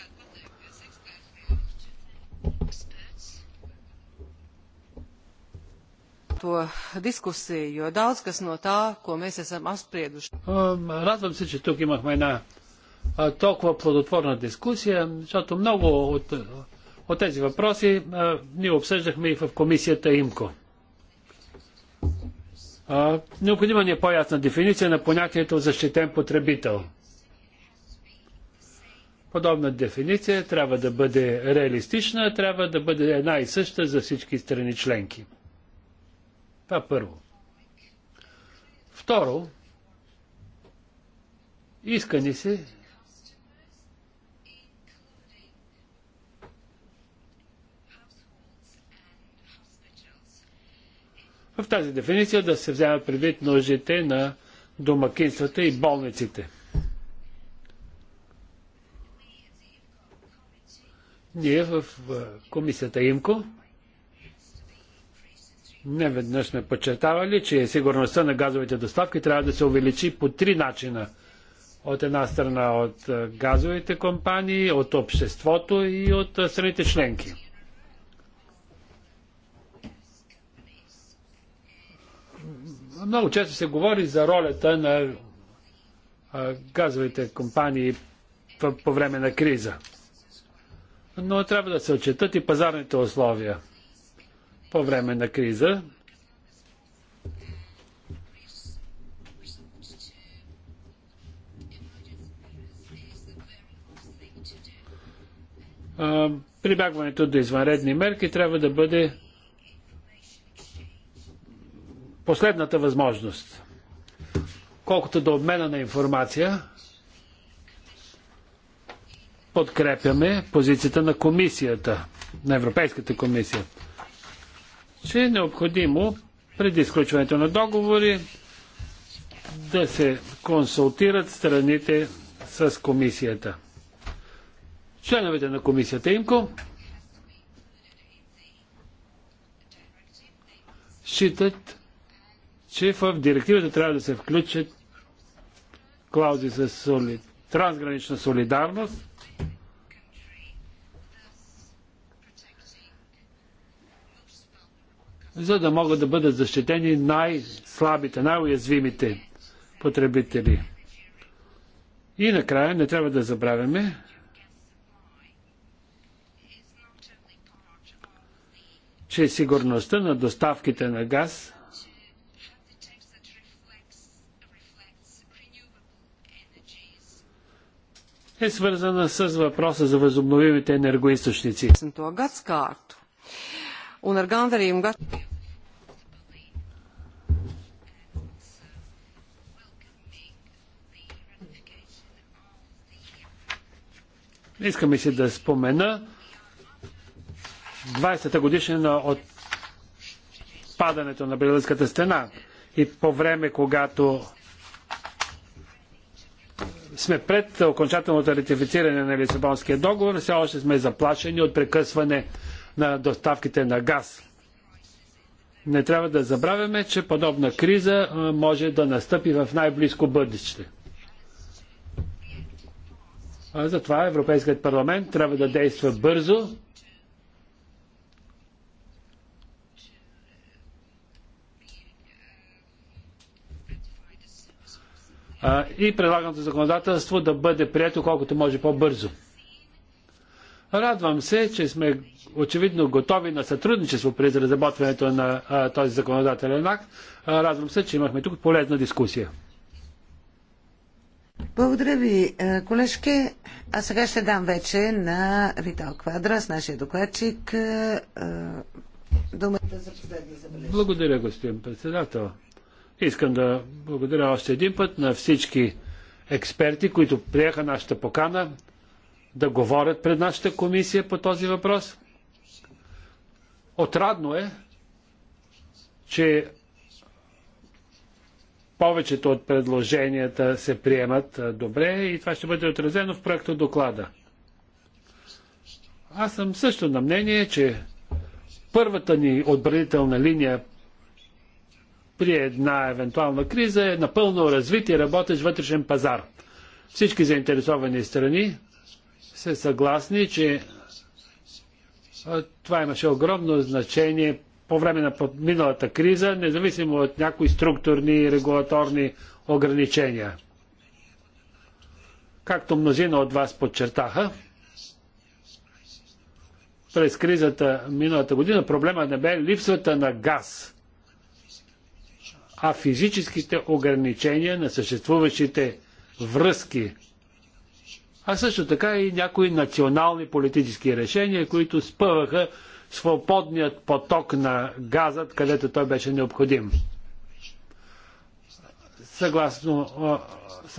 Радвам се, че тук имахме една толкова плодотворна дискусия, защото много от, от тези въпроси ние обсъждахме и в комисията ИМКО. Необходима ни е по-ясна дефиниция на понятието защитен потребител. Подобна дефиниция трябва да бъде реалистична, трябва да бъде една и съща за всички страни членки. Това първо. Второ, иска ни се в тази дефиниция да се вземат предвид нуждите на домакинствата и болниците. Ние в комисията ИМКО не веднъж сме подчертавали, че сигурността на газовите доставки трябва да се увеличи по три начина. От една страна от газовите компании, от обществото и от страните членки. Много често се говори за ролята на газовите компании по време на криза. Но трябва да се отчетат и пазарните условия по време на криза. Прибягването до извънредни мерки трябва да бъде последната възможност. Колкото до обмена на информация, подкрепяме позицията на комисията, на Европейската комисия, че е необходимо преди изключването на договори да се консултират страните с комисията. Членовете на комисията Имко считат, че в директивата трябва да се включат клаузи за соли... трансгранична солидарност, за да могат да бъдат защитени най-слабите, най-уязвимите потребители. И накрая не трябва да забравяме, че сигурността на доставките на газ е свързана с въпроса за възобновимите енергоисточници. Искаме си да спомена 20-та годишнина от падането на Берлинската стена и по време, когато сме пред окончателното ратифициране на Лисабонския договор, все още сме заплашени от прекъсване на доставките на газ. Не трябва да забравяме, че подобна криза може да настъпи в най-близко бъдеще. Затова Европейският парламент трябва да действа бързо а, и предлаганото законодателство да бъде прието колкото може по-бързо. Радвам се, че сме очевидно готови на сътрудничество при разработването на а, този законодателен акт. А, радвам се, че имахме тук полезна дискусия. Благодаря ви, колежке. А сега ще дам вече на Витал с нашия докладчик, думата за последни забележки. Благодаря, господин председател. Искам да благодаря още един път на всички експерти, които приеха нашата покана да говорят пред нашата комисия по този въпрос. Отрадно е, че повечето от предложенията се приемат добре и това ще бъде отразено в проекта доклада. Аз съм също на мнение, че първата ни отбранителна линия при една евентуална криза е напълно развит и работещ вътрешен пазар. Всички заинтересовани страни са съгласни, че това имаше огромно значение по време на миналата криза, независимо от някои структурни и регулаторни ограничения. Както мнозина от вас подчертаха, през кризата миналата година проблема не бе липсата на газ а физическите ограничения на съществуващите връзки. А също така и някои национални политически решения, които спъваха свободният поток на газът, където той беше необходим. Съгласно,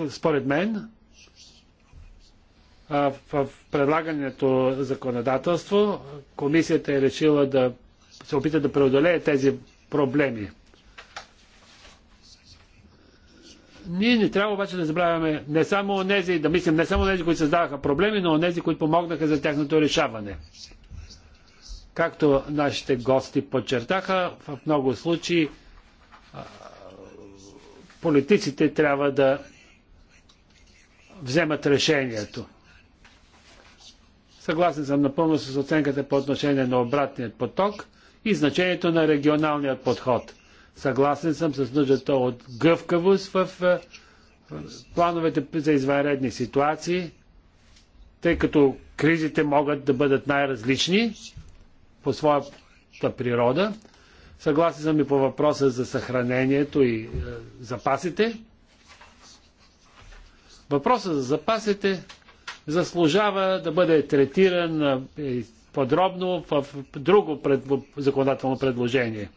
според мен, в предлагането законодателство комисията е решила да се опита да преодолее тези проблеми. Ние не трябва обаче да забравяме не само онези, да мислим не само онези, които създаваха проблеми, но онези, които помогнаха за тяхното решаване. Както нашите гости подчертаха, в много случаи политиците трябва да вземат решението. Съгласен съм напълно с оценката по отношение на обратният поток и значението на регионалният подход – Съгласен съм с нуждата от гъвкавост в е, плановете за извънредни ситуации, тъй като кризите могат да бъдат най-различни по своята природа. Съгласен съм и по въпроса за съхранението и е, запасите. Въпросът за запасите заслужава да бъде третиран е, подробно в друго законодателно предложение.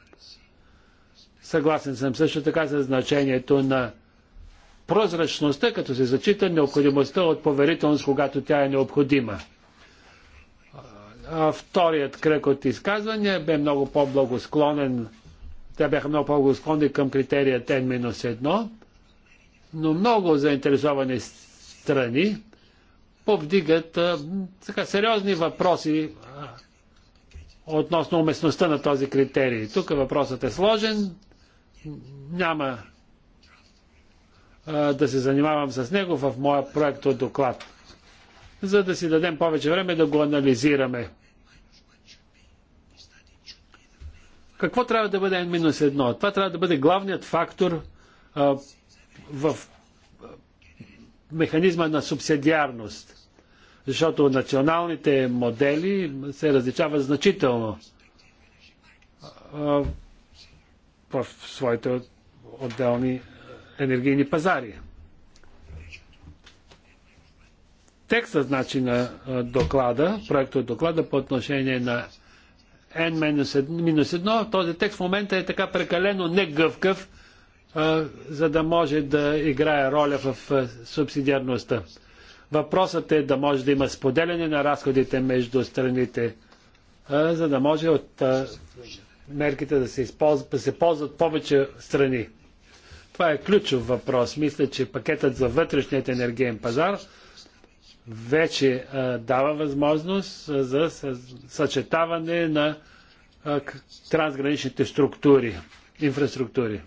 Съгласен съм също така за значението на прозрачността, като се зачита необходимостта от поверителност, когато тя е необходима. А вторият кръг от изказвания бе много по-благосклонен. Те бяха много по-благосклонни към критерия т 1 но много заинтересовани страни повдигат а, така, сериозни въпроси а, относно уместността на този критерий. Тук въпросът е сложен, няма а, да се занимавам с него в моя проект от доклад, за да си дадем повече време да го анализираме. Какво трябва да бъде N-1? Това трябва да бъде главният фактор а, в механизма на субсидиарност. Защото националните модели се различават значително. А, в своите отделни енергийни пазари. Текстът, значи, на доклада, проектът доклада по отношение на N-1, този текст в момента е така прекалено негъвкав, за да може да играе роля в субсидиарността. Въпросът е да може да има споделяне на разходите между страните, за да може от мерките да се, използват, да се ползват повече страни. Това е ключов въпрос. Мисля, че пакетът за вътрешният енергиен пазар вече а, дава възможност а, за съчетаване на а, трансграничните структури, инфраструктури.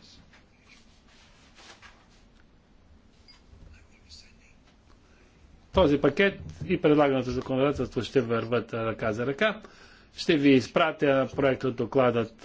Този пакет и предлаганото законодателство ще върват ръка за ръка. Ще ви изпратя проектът докладът